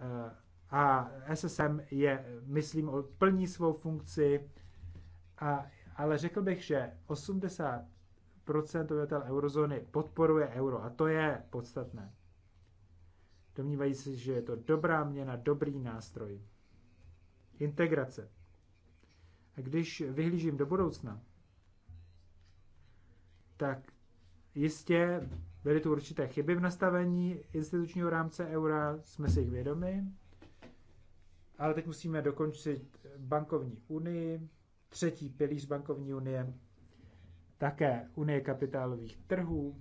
eh, a SSM je, myslím, plní svou funkci, a, ale řekl bych, že 80% obyvatel eurozóny podporuje euro a to je podstatné. Domnívají se, že je to dobrá měna, dobrý nástroj. Integrace. A když vyhlížím do budoucna, tak jistě byly tu určité chyby v nastavení institučního rámce eura, jsme si jich vědomi, ale teď musíme dokončit bankovní unii, třetí pilíř bankovní unie, také unie kapitálových trhů.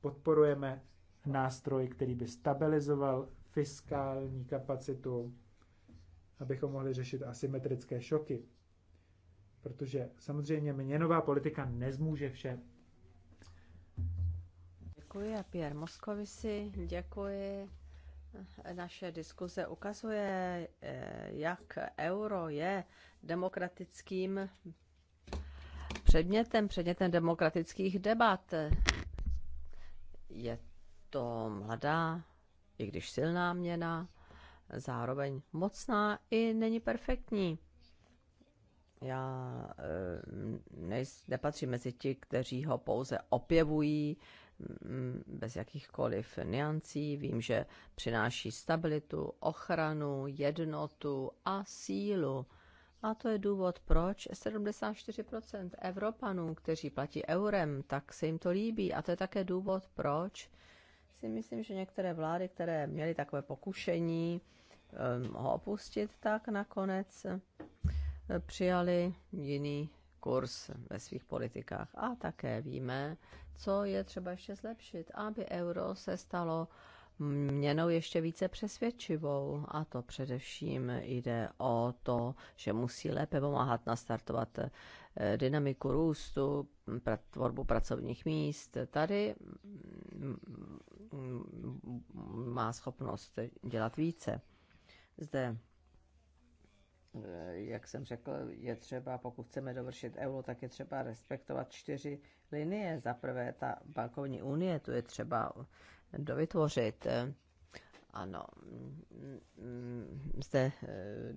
Podporujeme nástroj, který by stabilizoval fiskální kapacitu, abychom mohli řešit asymetrické šoky protože samozřejmě měnová politika nezmůže vše. Děkuji a Pierre Moskovici, děkuji. Naše diskuze ukazuje, eh, jak euro je demokratickým předmětem, předmětem demokratických debat. Je to mladá, i když silná měna, zároveň mocná i není perfektní. Já eh, nej, nepatřím mezi ti, kteří ho pouze opěvují mm, bez jakýchkoliv niancí. Vím, že přináší stabilitu, ochranu, jednotu a sílu. A to je důvod, proč 74% Evropanů, kteří platí eurem, tak se jim to líbí. A to je také důvod, proč si myslím, že některé vlády, které měly takové pokušení ehm, ho opustit, tak nakonec přijali jiný kurz ve svých politikách. A také víme, co je třeba ještě zlepšit, aby euro se stalo měnou ještě více přesvědčivou. A to především jde o to, že musí lépe pomáhat nastartovat eh, dynamiku růstu, tvorbu pracovních míst. Tady mm, mm, má schopnost dělat více. Zde Eh, jak jsem řekl, je třeba, pokud chceme dovršit euro, tak je třeba respektovat čtyři linie. Za prvé ta bankovní unie, tu je třeba dovytvořit eh, ano, mm, mm, mm, zde eh,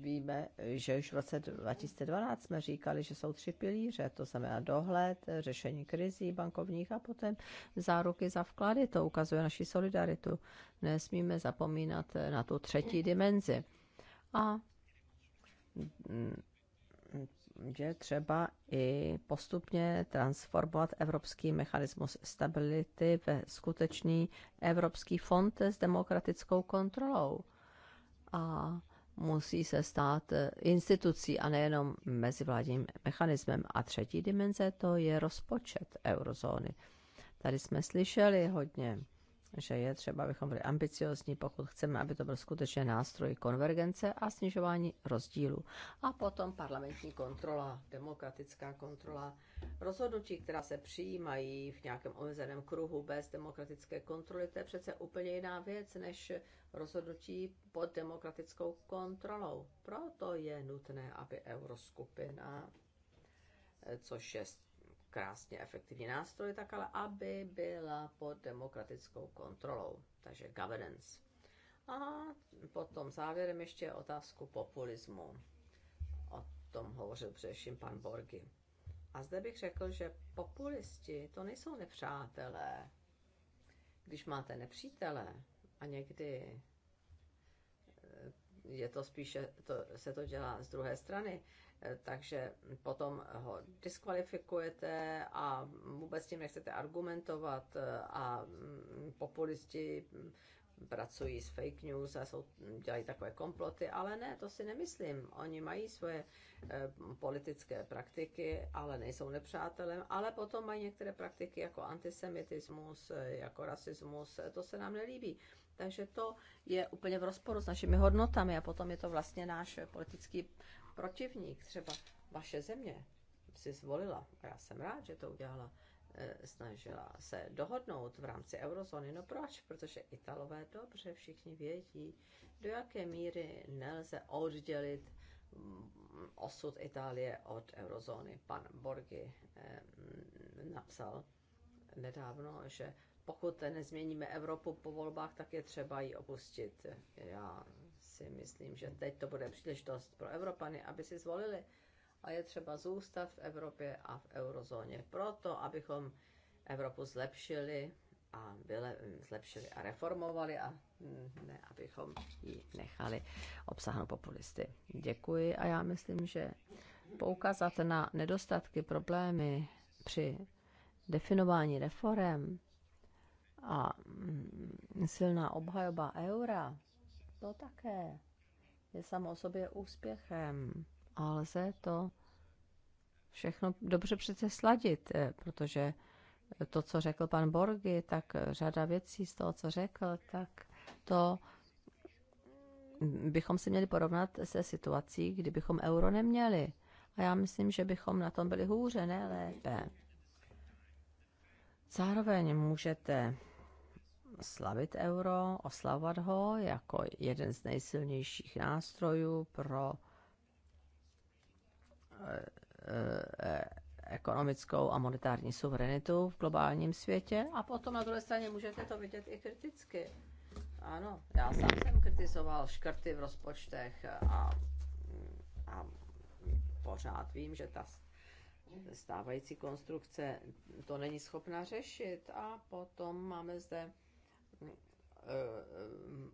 víme, že už v roce 2012 jsme říkali, že jsou tři pilíře, to znamená dohled, řešení krizí bankovních a potom záruky za vklady. To ukazuje naši solidaritu. Nesmíme zapomínat na tu třetí dimenzi. A že třeba i postupně transformovat evropský mechanismus stability ve skutečný evropský fond s demokratickou kontrolou. A musí se stát institucí a nejenom mezivládním mechanismem. A třetí dimenze to je rozpočet eurozóny. Tady jsme slyšeli hodně že je třeba, abychom byli ambiciozní, pokud chceme, aby to byl skutečně nástroj konvergence a snižování rozdílu. A potom parlamentní kontrola, demokratická kontrola, rozhodnutí, která se přijímají v nějakém omezeném kruhu bez demokratické kontroly, to je přece úplně jiná věc než rozhodnutí pod demokratickou kontrolou. Proto je nutné, aby euroskupina, což je krásně efektivní nástroj, tak ale aby byla pod demokratickou kontrolou, takže governance. A potom závěrem ještě otázku populismu. O tom hovořil především pan Borgi. A zde bych řekl, že populisti to nejsou nepřátelé. Když máte nepřítele a někdy je to spíše, to, se to dělá z druhé strany, eh, takže potom ho diskvalifikujete a vůbec tím nechcete argumentovat eh, a mm, populisti mm, pracují s fake news a jsou, dělají takové komploty, ale ne, to si nemyslím. Oni mají svoje eh, politické praktiky, ale nejsou nepřátelem, ale potom mají některé praktiky jako antisemitismus, eh, jako rasismus, to se nám nelíbí. Eh, takže to je úplně v rozporu s našimi hodnotami a potom je to vlastně náš politický protivník. Třeba vaše země si zvolila, a já jsem rád, že to udělala, eh, snažila se dohodnout v rámci eurozóny. No proč? Protože Italové dobře všichni vědí, do jaké míry nelze oddělit mm, osud Itálie od eurozóny. Pan Borgi eh, napsal nedávno, že pokud nezměníme Evropu po volbách, tak je třeba ji opustit. Já si myslím, že teď to bude příležitost pro Evropany, aby si zvolili. A je třeba zůstat v Evropě a v eurozóně proto, abychom Evropu zlepšili a byle, zlepšili a reformovali a ne, abychom ji nechali obsáhnout populisty. Děkuji a já myslím, že poukázat na nedostatky, problémy při definování reform a mm, silná obhajoba eura, to také je samo o sobě úspěchem. A lze to všechno dobře přece sladit, eh, protože to, co řekl pan Borgi, tak řada věcí z toho, co řekl, tak to bychom si měli porovnat se situací, kdybychom euro neměli. A já myslím, že bychom na tom byli hůře, ne lépe. Zároveň můžete slavit euro, oslavovat ho jako jeden z nejsilnějších nástrojů pro eh, eh, ekonomickou a monetární suverenitu v globálním světě. A potom na druhé straně můžete to vidět i kriticky. Ano, já sám jsem kritizoval škrty v rozpočtech a, a pořád vím, že ta stávající konstrukce to není schopna řešit. A potom máme zde Eh,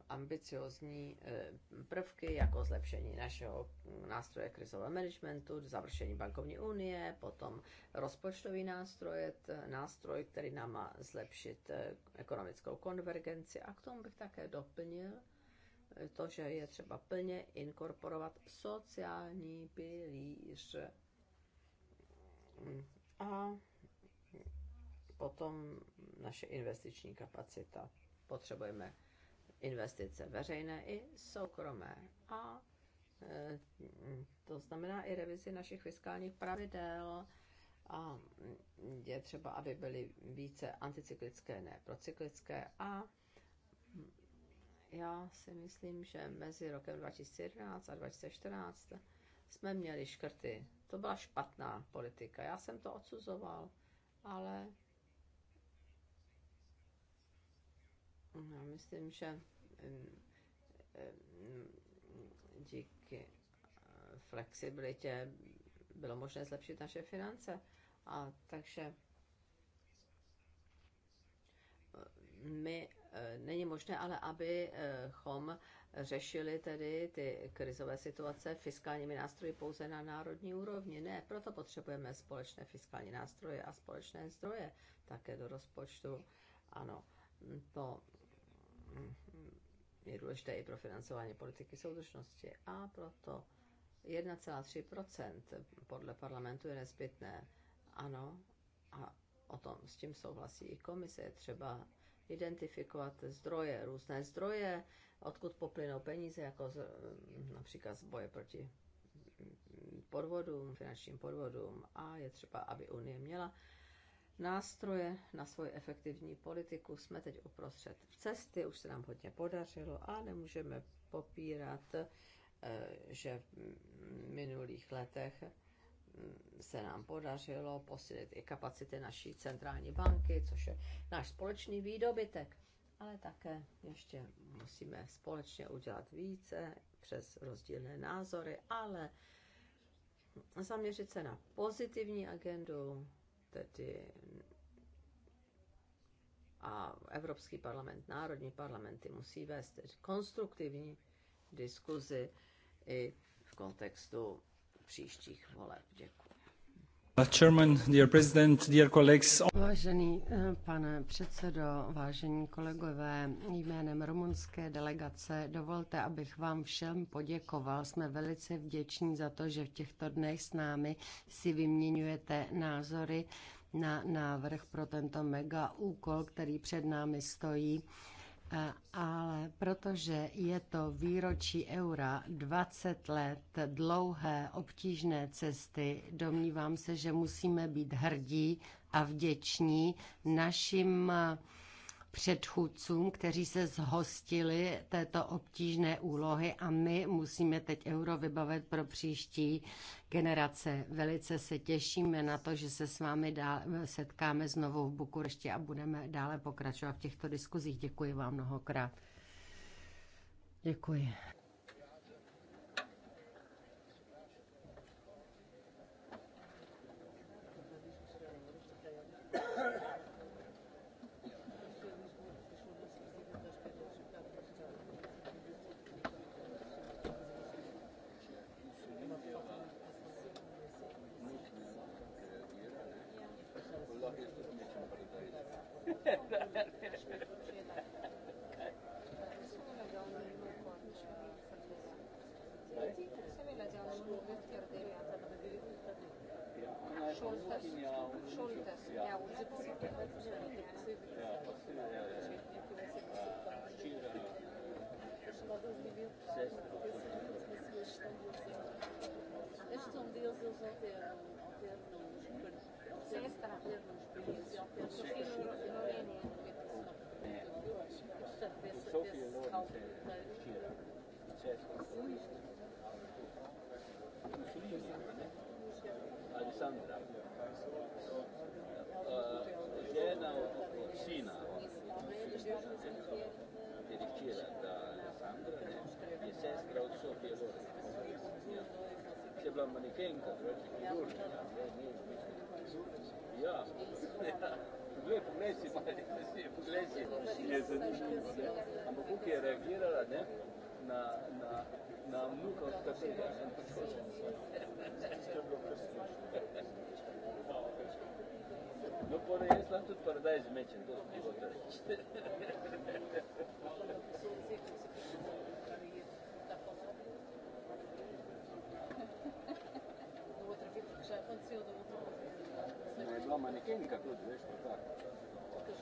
ambiciozní eh, prvky jako zlepšení našeho nástroje krizového managementu, završení bankovní unie, potom rozpočtový nástroj, nástroj, který nám má zlepšit eh, ekonomickou konvergenci a k tomu bych také doplnil to, že je třeba plně inkorporovat sociální pilíř. A potom naše investiční kapacita. Potřebujeme investice veřejné i soukromé. A e, to znamená i revizi našich fiskálních pravidel a je třeba, aby byly více anticyklické, ne procyklické a já si myslím, že mezi rokem 2011 a 2014 jsme měli škrty. To byla špatná politika. Já jsem to odsuzoval, ale Já no, myslím, že díky eh, flexibilitě bylo možné zlepšit naše finance. A takže eh, my, eh, není možné ale, abychom řešili tedy ty krizové situace fiskálními nástroji pouze na národní úrovni. Ne, proto potřebujeme společné fiskální nástroje a společné zdroje také do rozpočtu. Ano, to je důležité i pro financování politiky soudržnosti. A proto 1,3 podle parlamentu je nezbytné. Ano, a o tom s tím souhlasí i komise. Je třeba identifikovat zdroje, různé zdroje, odkud poplynou peníze, jako z, například z boje proti podvodům, finančním podvodům a je třeba, aby Unie měla nástroje na svoji efektivní politiku. Jsme teď uprostřed cesty, už se nám hodně podařilo a nemůžeme popírat, eh, že v minulých letech hm, se nám podařilo posílit i kapacity naší centrální banky, což je náš společný výdobytek. Ale také ještě musíme společně udělat více přes rozdílné názory, ale zaměřit se na pozitivní agendu, tedy a Evropský parlament, národní parlamenty musí vést konstruktivní diskuzi i v kontextu příštích voleb. Děkuji. Uh, Vážený eh, pane předsedo, vážení kolegové, jménem rumunské delegace dovolte, abych vám všem poděkoval. Jsme velice vděční za to, že v těchto dnech s námi si vyměňujete názory na návrh pro tento mega úkol, který před námi stojí Eh, ale protože je to výročí eura 20 let dlouhé obtížné cesty, domnívám se, že musíme být hrdí a vděční našim eh, předchůdcům, kteří se zhostili této obtížné úlohy a my musíme teď euro vybavit pro příští generace. Velice se těšíme na to, že se s vámi dál, setkáme znovu v Bukurešti a budeme dále pokračovat v těchto diskuzích. Děkuji vám mnohokrát. Děkuji. gente precisa de né? Um pouco Na, na, na nuca, os pessoas. Não pode isso, não tudo para dar esse mente em todos os outros.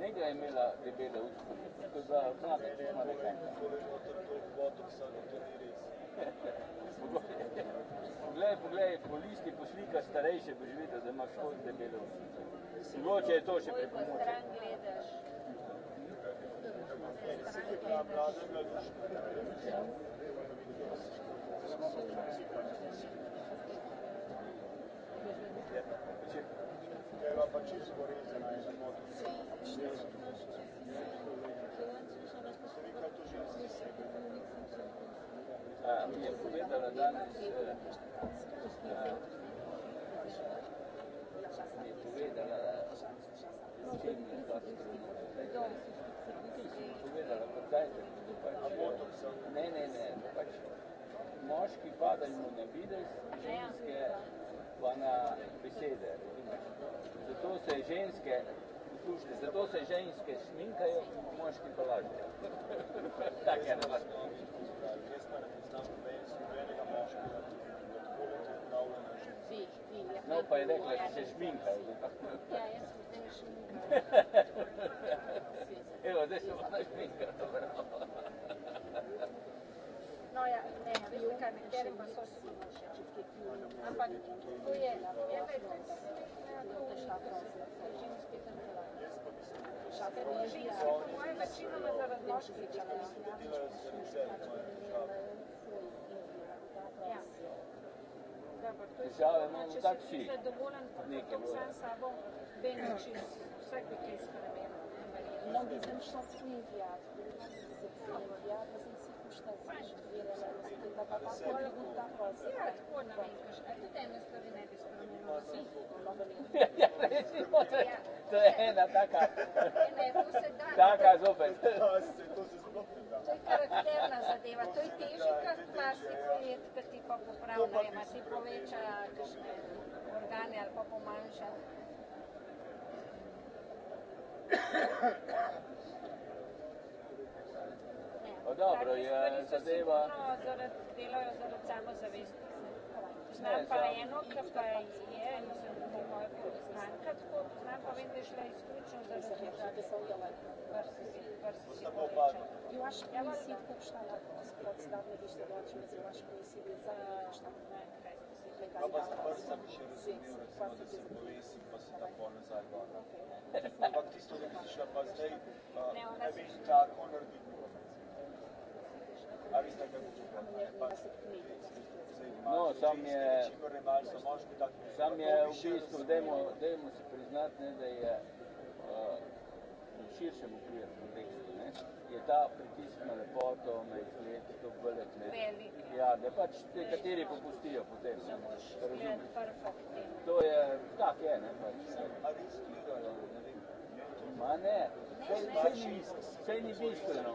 Negre je imela debele usta, to je bila mlada, to je bila Poglej, poglej, po listi poslika starejše boš videl, da imaš kot debele usta. Mogoče je to še pripomoče. Thank you. A mě pověděla danes, mě pověděla s ne, ne, ne, pač moški padajo na vides, ženske вона бесіда. Zato se ženske, слушайте, zato se ženske šminkaju moški polažu. Tak no, je na No, pa je rekla, da se šminka. Ja, jaz sem zdaj šminka. Evo, zdaj se ona šminka, dobro noja nemaju karakterima sosluša. Ampak to je ena intenzivna duša družinskih delovanj. Ženske po mojem večinoma za razložki delajo. Ja. Dobro, to je to, če si ti zadovoljen, potem sam sabo vem, če vsak bi kaj spremenil. Mnogi sem šla knjivjat, knjivjat, da sem to je jedna taká. to Taká zopet. To je karakterna zadeva. To je plastiko ti pa ima ti poveča organe ali pa pomanjša. Pa no dobro, je zadeva... Zaradi, delajo zaradi samozavesti. Poznam pa eno, ki pa je, mislim, da je moja poznanka tako, poznam pa vem, da je šla izključno zaradi vrsti. Ваш комиссия купшла на представлена лично очевидно ваш комиссия за што Па па сам ще разумел, да се повесим, па се там по-назад. Ampak tisto, da bi šla pa zdaj, ne bi tako naredila. No, sam je, sam je u bistvu, dejmo, dejmo si priznat, ne, da je uh, v širšem okviru kontekstu, ne, je ta pritisk na lepoto, na izgled, to velik, ne. Ja, da pač nekateri popustijo potem, ne, To je, tak je, ne, pač. Ma ne, sej ni bistveno.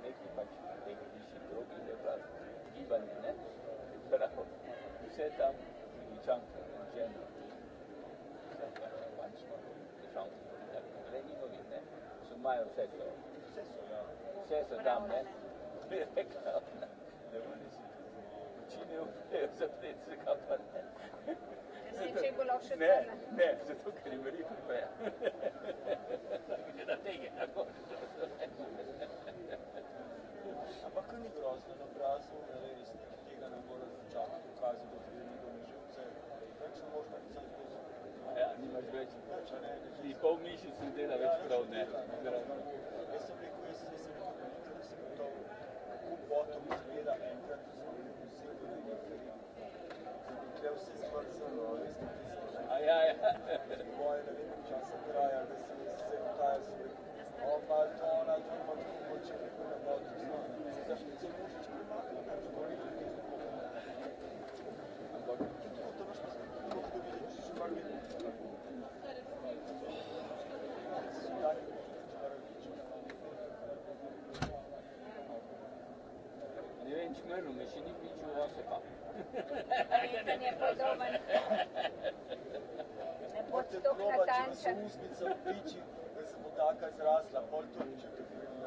banane però you said that you jump in general ormai ho sesso sesso no sesso damme direkt Číny úplně uzavřít se kapané. Ne, ne, že to krimerí úplně. Takže na těch jako... Ampak ni grozno na obrazu, res tega ne more čakati, ukazi, dokler ne bo živce. Več ne moreš napisati po zobu. Ja, nimaš več. Ni pol mišic ne dela več prav, ne. Jaz sem rekel, jaz sem rekel, nikaj nisem gotov, kako potom izgleda enkrat, ko smo bili v Severni Afriki. Ker bi tle vse zmrzalo, res ne tisto. A ja, ja. Moje ne vem, časa traja, da sem se vtajal, sem rekel, o pa to, ona to, pa to, če ne bo, to, to, to, to, to, to, to, to, to, Nevím, čím jenom, ještě nikdy čuva se pak. Ten je podobný. Nepoď to na tanča. Možete probat, če vas usnica v piči, da se mu taka zrasla, pol to niče.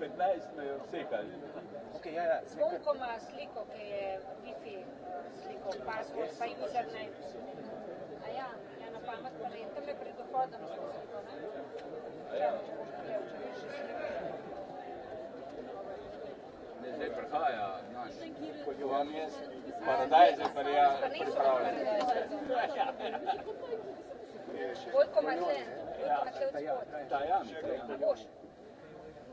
15 seka. Okay, ja, ja, Zvonko kar... ima sliko, ki je Wi-Fi eh, sliko, password, pa username. A ja, ja na pamet pa ne, tam je pred vhodom smo sliko, ne? Ja. Ne, zdaj prihaja naš, kot je vam jaz, paradajz je pa ja pripravljen. Vojko Matle, Vojko Matle od spod. Da, ja, da, ja.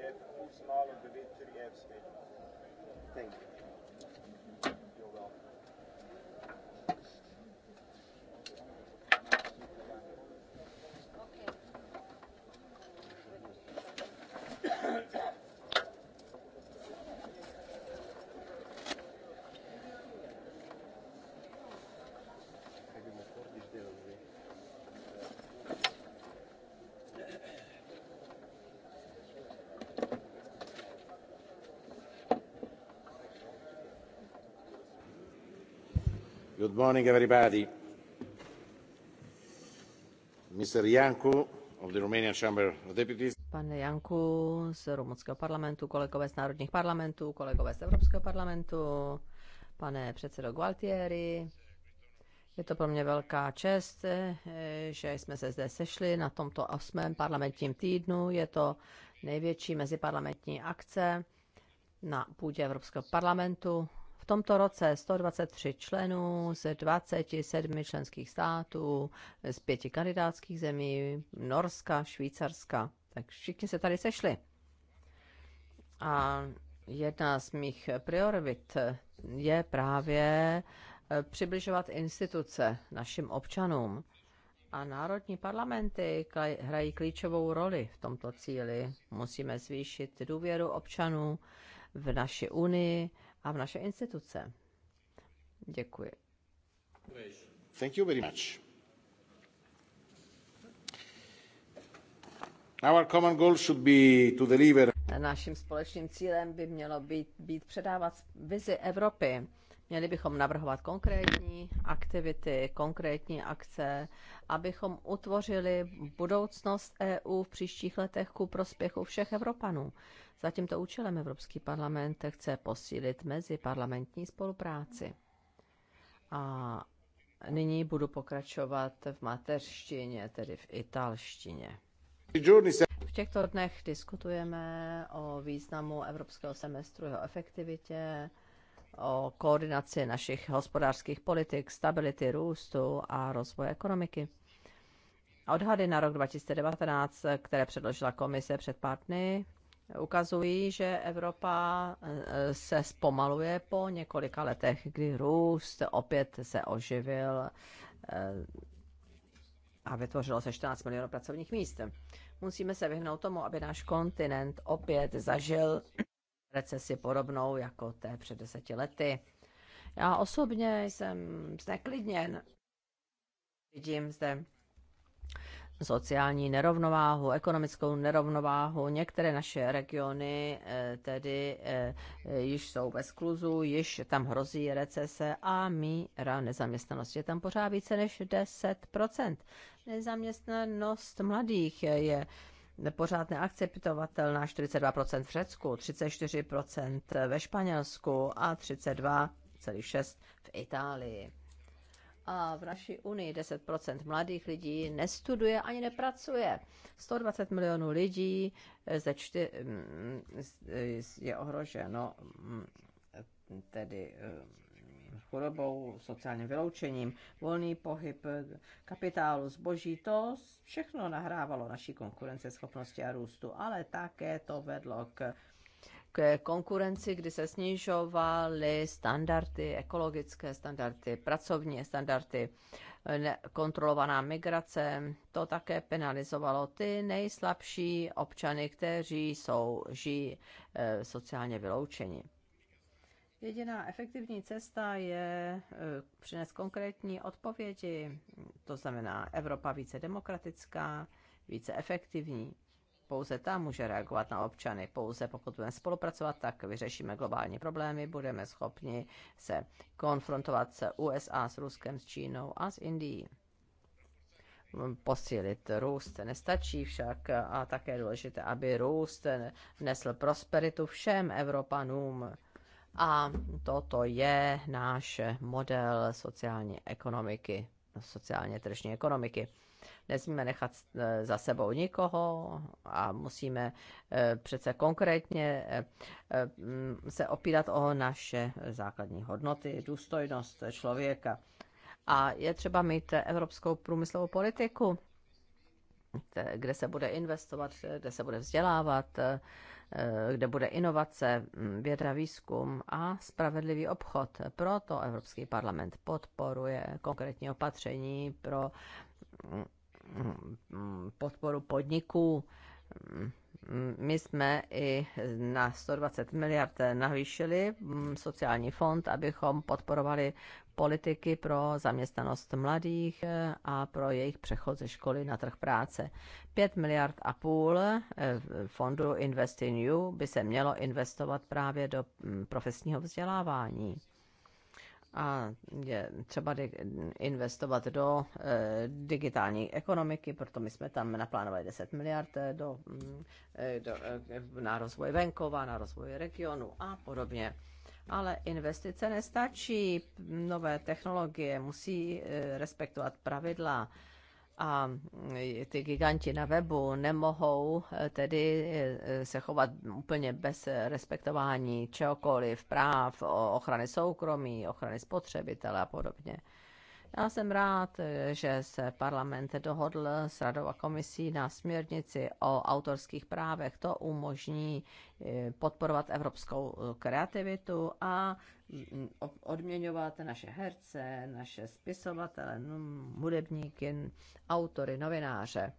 F. Uusmaal om de wet die F Thank you. Good morning, everybody. Mr. Janku z Rumunského parlamentu, kolegové z národních parlamentů, kolegové z Evropského parlamentu, pane předsedo Gualtieri, je to pro mě velká čest, že jsme se zde sešli na tomto osmém parlamentním týdnu. Je to největší meziparlamentní akce na půdě Evropského parlamentu tomto roce 123 členů z 27 členských států, z pěti kandidátských zemí, Norska, Švýcarska. Tak všichni se tady sešli. A jedna z mých priorit je právě eh, přibližovat instituce našim občanům. A národní parlamenty hrají klíčovou roli v tomto cíli. Musíme zvýšit důvěru občanů v naši unii, a v naše instituce. Děkuji. Thank you very much. Our common goal should be to deliver. Naším společným cílem by mělo být, být předávat vizi Evropy Měli bychom navrhovat konkrétní aktivity, konkrétní akce, abychom utvořili budoucnost EU v příštích letech ku prospěchu všech Evropanů. Za tímto účelem Evropský parlament chce posílit meziparlamentní spolupráci. A nyní budu pokračovat v mateřštině, tedy v italštině. V těchto dnech diskutujeme o významu evropského semestru, jeho efektivitě, o koordinaci našich hospodářských politik, stability, růstu a rozvoje ekonomiky. Odhady na rok 2019, které předložila komise před pár dny, ukazují, že Evropa eh, se zpomaluje po několika letech, kdy růst opět se oživil eh, a vytvořilo se 14 milionů pracovních míst. Musíme se vyhnout tomu, aby náš kontinent opět zažil recesi podobnou jako té před deseti lety. Já osobně jsem zneklidněn. Vidím zde sociální nerovnováhu, ekonomickou nerovnováhu. Některé naše regiony eh, tedy eh, již jsou ve skluzu, již tam hrozí recese a míra nezaměstnanosti je tam pořád více než 10%. Nezaměstnanost mladých je pořád neakceptovatelná 42% v Řecku, 34% ve Španělsku a 32,6% v Itálii. A v naší unii 10% mladých lidí nestuduje ani nepracuje. 120 milionů lidí ze čty- mm, je ohroženo mm, tedy mm, chudobou, sociálním vyloučením, volný pohyb kapitálu, zboží, to všechno nahrávalo naší konkurenceschopnosti a růstu, ale také to vedlo k k konkurenci, kdy se snižovaly standardy, ekologické standardy, pracovní standardy, kontrolovaná migrace. To také penalizovalo ty nejslabší občany, kteří jsou žijí eh, sociálně vyloučeni. Jediná efektivní cesta je eh, přinést konkrétní odpovědi, to znamená Evropa více demokratická, více efektivní. Pouze ta může reagovat na občany. Pouze pokud budeme spolupracovat, tak vyřešíme globální problémy, budeme schopni se konfrontovat se USA, s Ruskem, s Čínou a s Indií. Posílit růst nestačí však a také je důležité, aby růst nesl prosperitu všem Evropanům a toto je náš model sociální ekonomiky, sociálně tržní ekonomiky. Nesmíme nechat eh, za sebou nikoho a musíme eh, přece konkrétně eh, se opírat o naše základní hodnoty, důstojnost člověka. A je třeba mít evropskou průmyslovou politiku, kde se bude investovat, kde se bude vzdělávat, Eh, kde bude inovace, mm, věda, výzkum a spravedlivý obchod. Proto Evropský parlament podporuje konkrétní opatření pro mm, mm, podporu podniků. My jsme i na 120 miliard navýšili sociální fond, abychom podporovali politiky pro zaměstnanost mladých eh, a pro jejich přechod ze školy na trh práce. 5 miliard a půl eh, fondu Invest in You by se mělo investovat právě do mm, profesního vzdělávání a je třeba investovat do eh, digitální ekonomiky, proto my jsme tam naplánovali 10 miliard do, mm, do, na rozvoj venkova, na rozvoj regionu a podobně ale investice nestačí. Nové technologie musí eh, respektovat pravidla a eh, ty giganti na webu nemohou eh, tedy se chovat úplně bez respektování čehokoliv práv, ochrany soukromí, ochrany spotřebitele a podobně. Já jsem rád, že se parlament dohodl s radou a komisí na směrnici o autorských právech. To umožní eh, podporovat evropskou eh, kreativitu a mm, odměňovat naše herce, naše spisovatele, mm, hudebníky, autory, novináře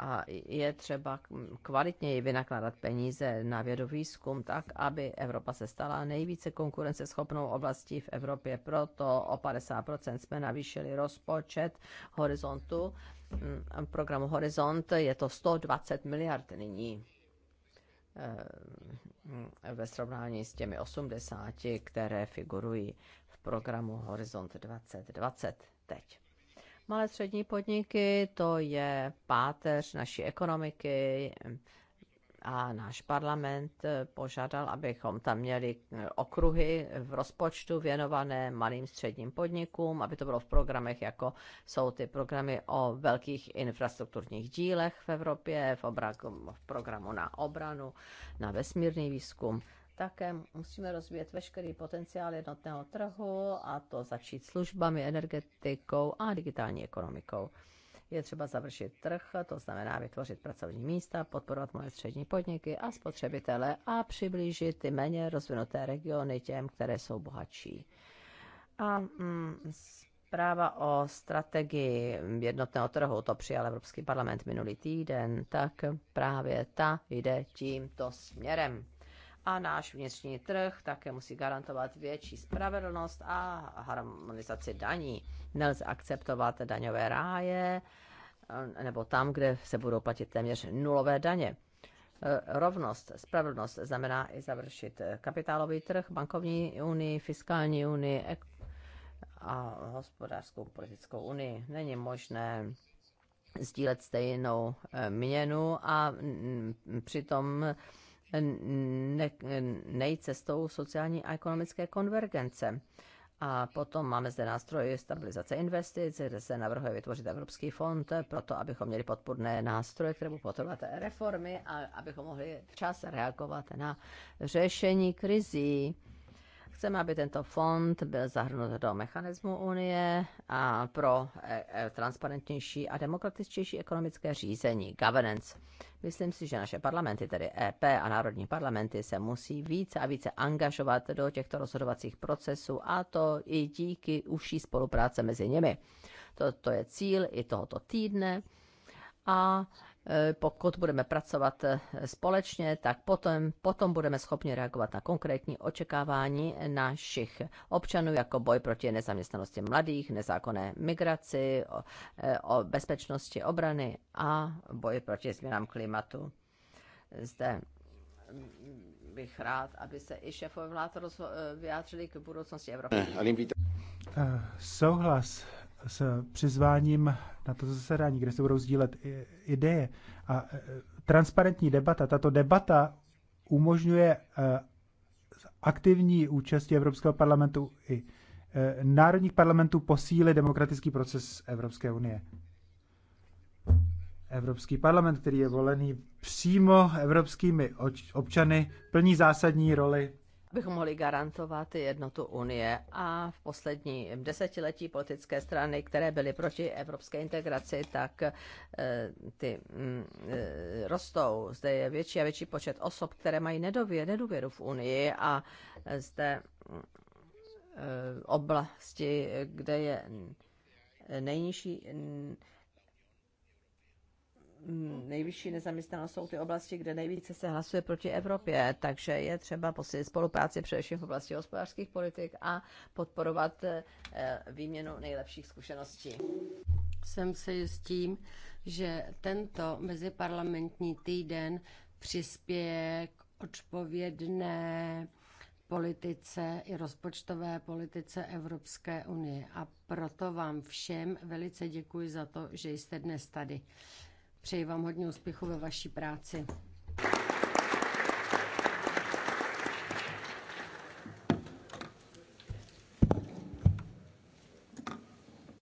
a je třeba kvalitněji vynakládat peníze na vědu výzkum tak, aby Evropa se stala nejvíce konkurenceschopnou oblastí v Evropě. Proto o 50% jsme navýšili rozpočet horizontu, mm, programu Horizont, je to 120 miliard nyní eh, ve srovnání s těmi 80, které figurují v programu Horizont 2020 teď. Malé střední podniky, to je páteř naší ekonomiky a náš parlament eh, požádal, abychom tam měli eh, okruhy v rozpočtu věnované malým středním podnikům, aby to bylo v programech, jako jsou ty programy o velkých infrastrukturních dílech v Evropě, v, obra- v programu na obranu, na vesmírný výzkum také musíme rozvíjet veškerý potenciál jednotného trhu a to začít službami, energetikou a digitální ekonomikou. Je třeba završit trh, to znamená vytvořit pracovní místa, podporovat malé střední podniky a spotřebitele a přiblížit ty méně rozvinuté regiony těm, které jsou bohatší. A mm, zpráva o strategii jednotného trhu, to přijal Evropský parlament minulý týden, tak právě ta jde tímto směrem a náš vnitřní trh také musí garantovat větší spravedlnost a harmonizaci daní. Nelze akceptovat daňové ráje eh, nebo tam, kde se budou platit téměř nulové daně. Eh, rovnost, spravedlnost znamená i završit eh, kapitálový trh, bankovní unii, fiskální unii a hospodářskou politickou unii. Není možné sdílet stejnou měnu a mm, mm, přitom ne, nejít cestou sociální a ekonomické konvergence. A potom máme zde nástroj stabilizace investic, kde se navrhuje vytvořit Evropský fond pro to, abychom měli podpůrné nástroje, které budou potřebovat reformy a abychom mohli včas reagovat na řešení krizí Chceme, aby tento fond byl zahrnut do mechanismu Unie a pro e, e, transparentnější a demokratičtější ekonomické řízení, governance. Myslím si, že naše parlamenty, tedy EP a národní parlamenty, se musí více a více angažovat do těchto rozhodovacích procesů a to i díky užší spolupráce mezi nimi. To, je cíl i tohoto týdne. A E, pokud budeme pracovat e, společně, tak potom, potom budeme schopni reagovat na konkrétní očekávání našich občanů, jako boj proti nezaměstnanosti mladých, nezákonné migraci, o, e, o bezpečnosti obrany a boj proti změnám klimatu. Zde bych rád, aby se i šéfové vlád vyjádřili k budoucnosti Evropy. Eh, eh, souhlas s přizváním na to zasedání, kde se budou sdílet ideje. A e, transparentní debata, tato debata umožňuje e, aktivní účasti Evropského parlamentu i e, národních parlamentů posílit demokratický proces Evropské unie. Evropský parlament, který je volený přímo evropskými občany, plní zásadní roli abychom mohli garantovat jednotu Unie a v poslední desetiletí politické strany, které byly proti evropské integraci, tak eh, ty mm, eh, rostou. Zde je větší a větší počet osob, které mají nedůvěru, nedůvěru v Unii a zde eh, oblasti, kde je nejnižší nejvyšší nezaměstnanost jsou ty oblasti, kde nejvíce se hlasuje proti Evropě, takže je třeba posílit spolupráci především v oblasti hospodářských politik a podporovat eh, výměnu nejlepších zkušeností. Jsem se s tím, že tento meziparlamentní týden přispěje k odpovědné politice i rozpočtové politice Evropské unie. A proto vám všem velice děkuji za to, že jste dnes tady. Přeji vám hodně úspěchu ve vaší práci.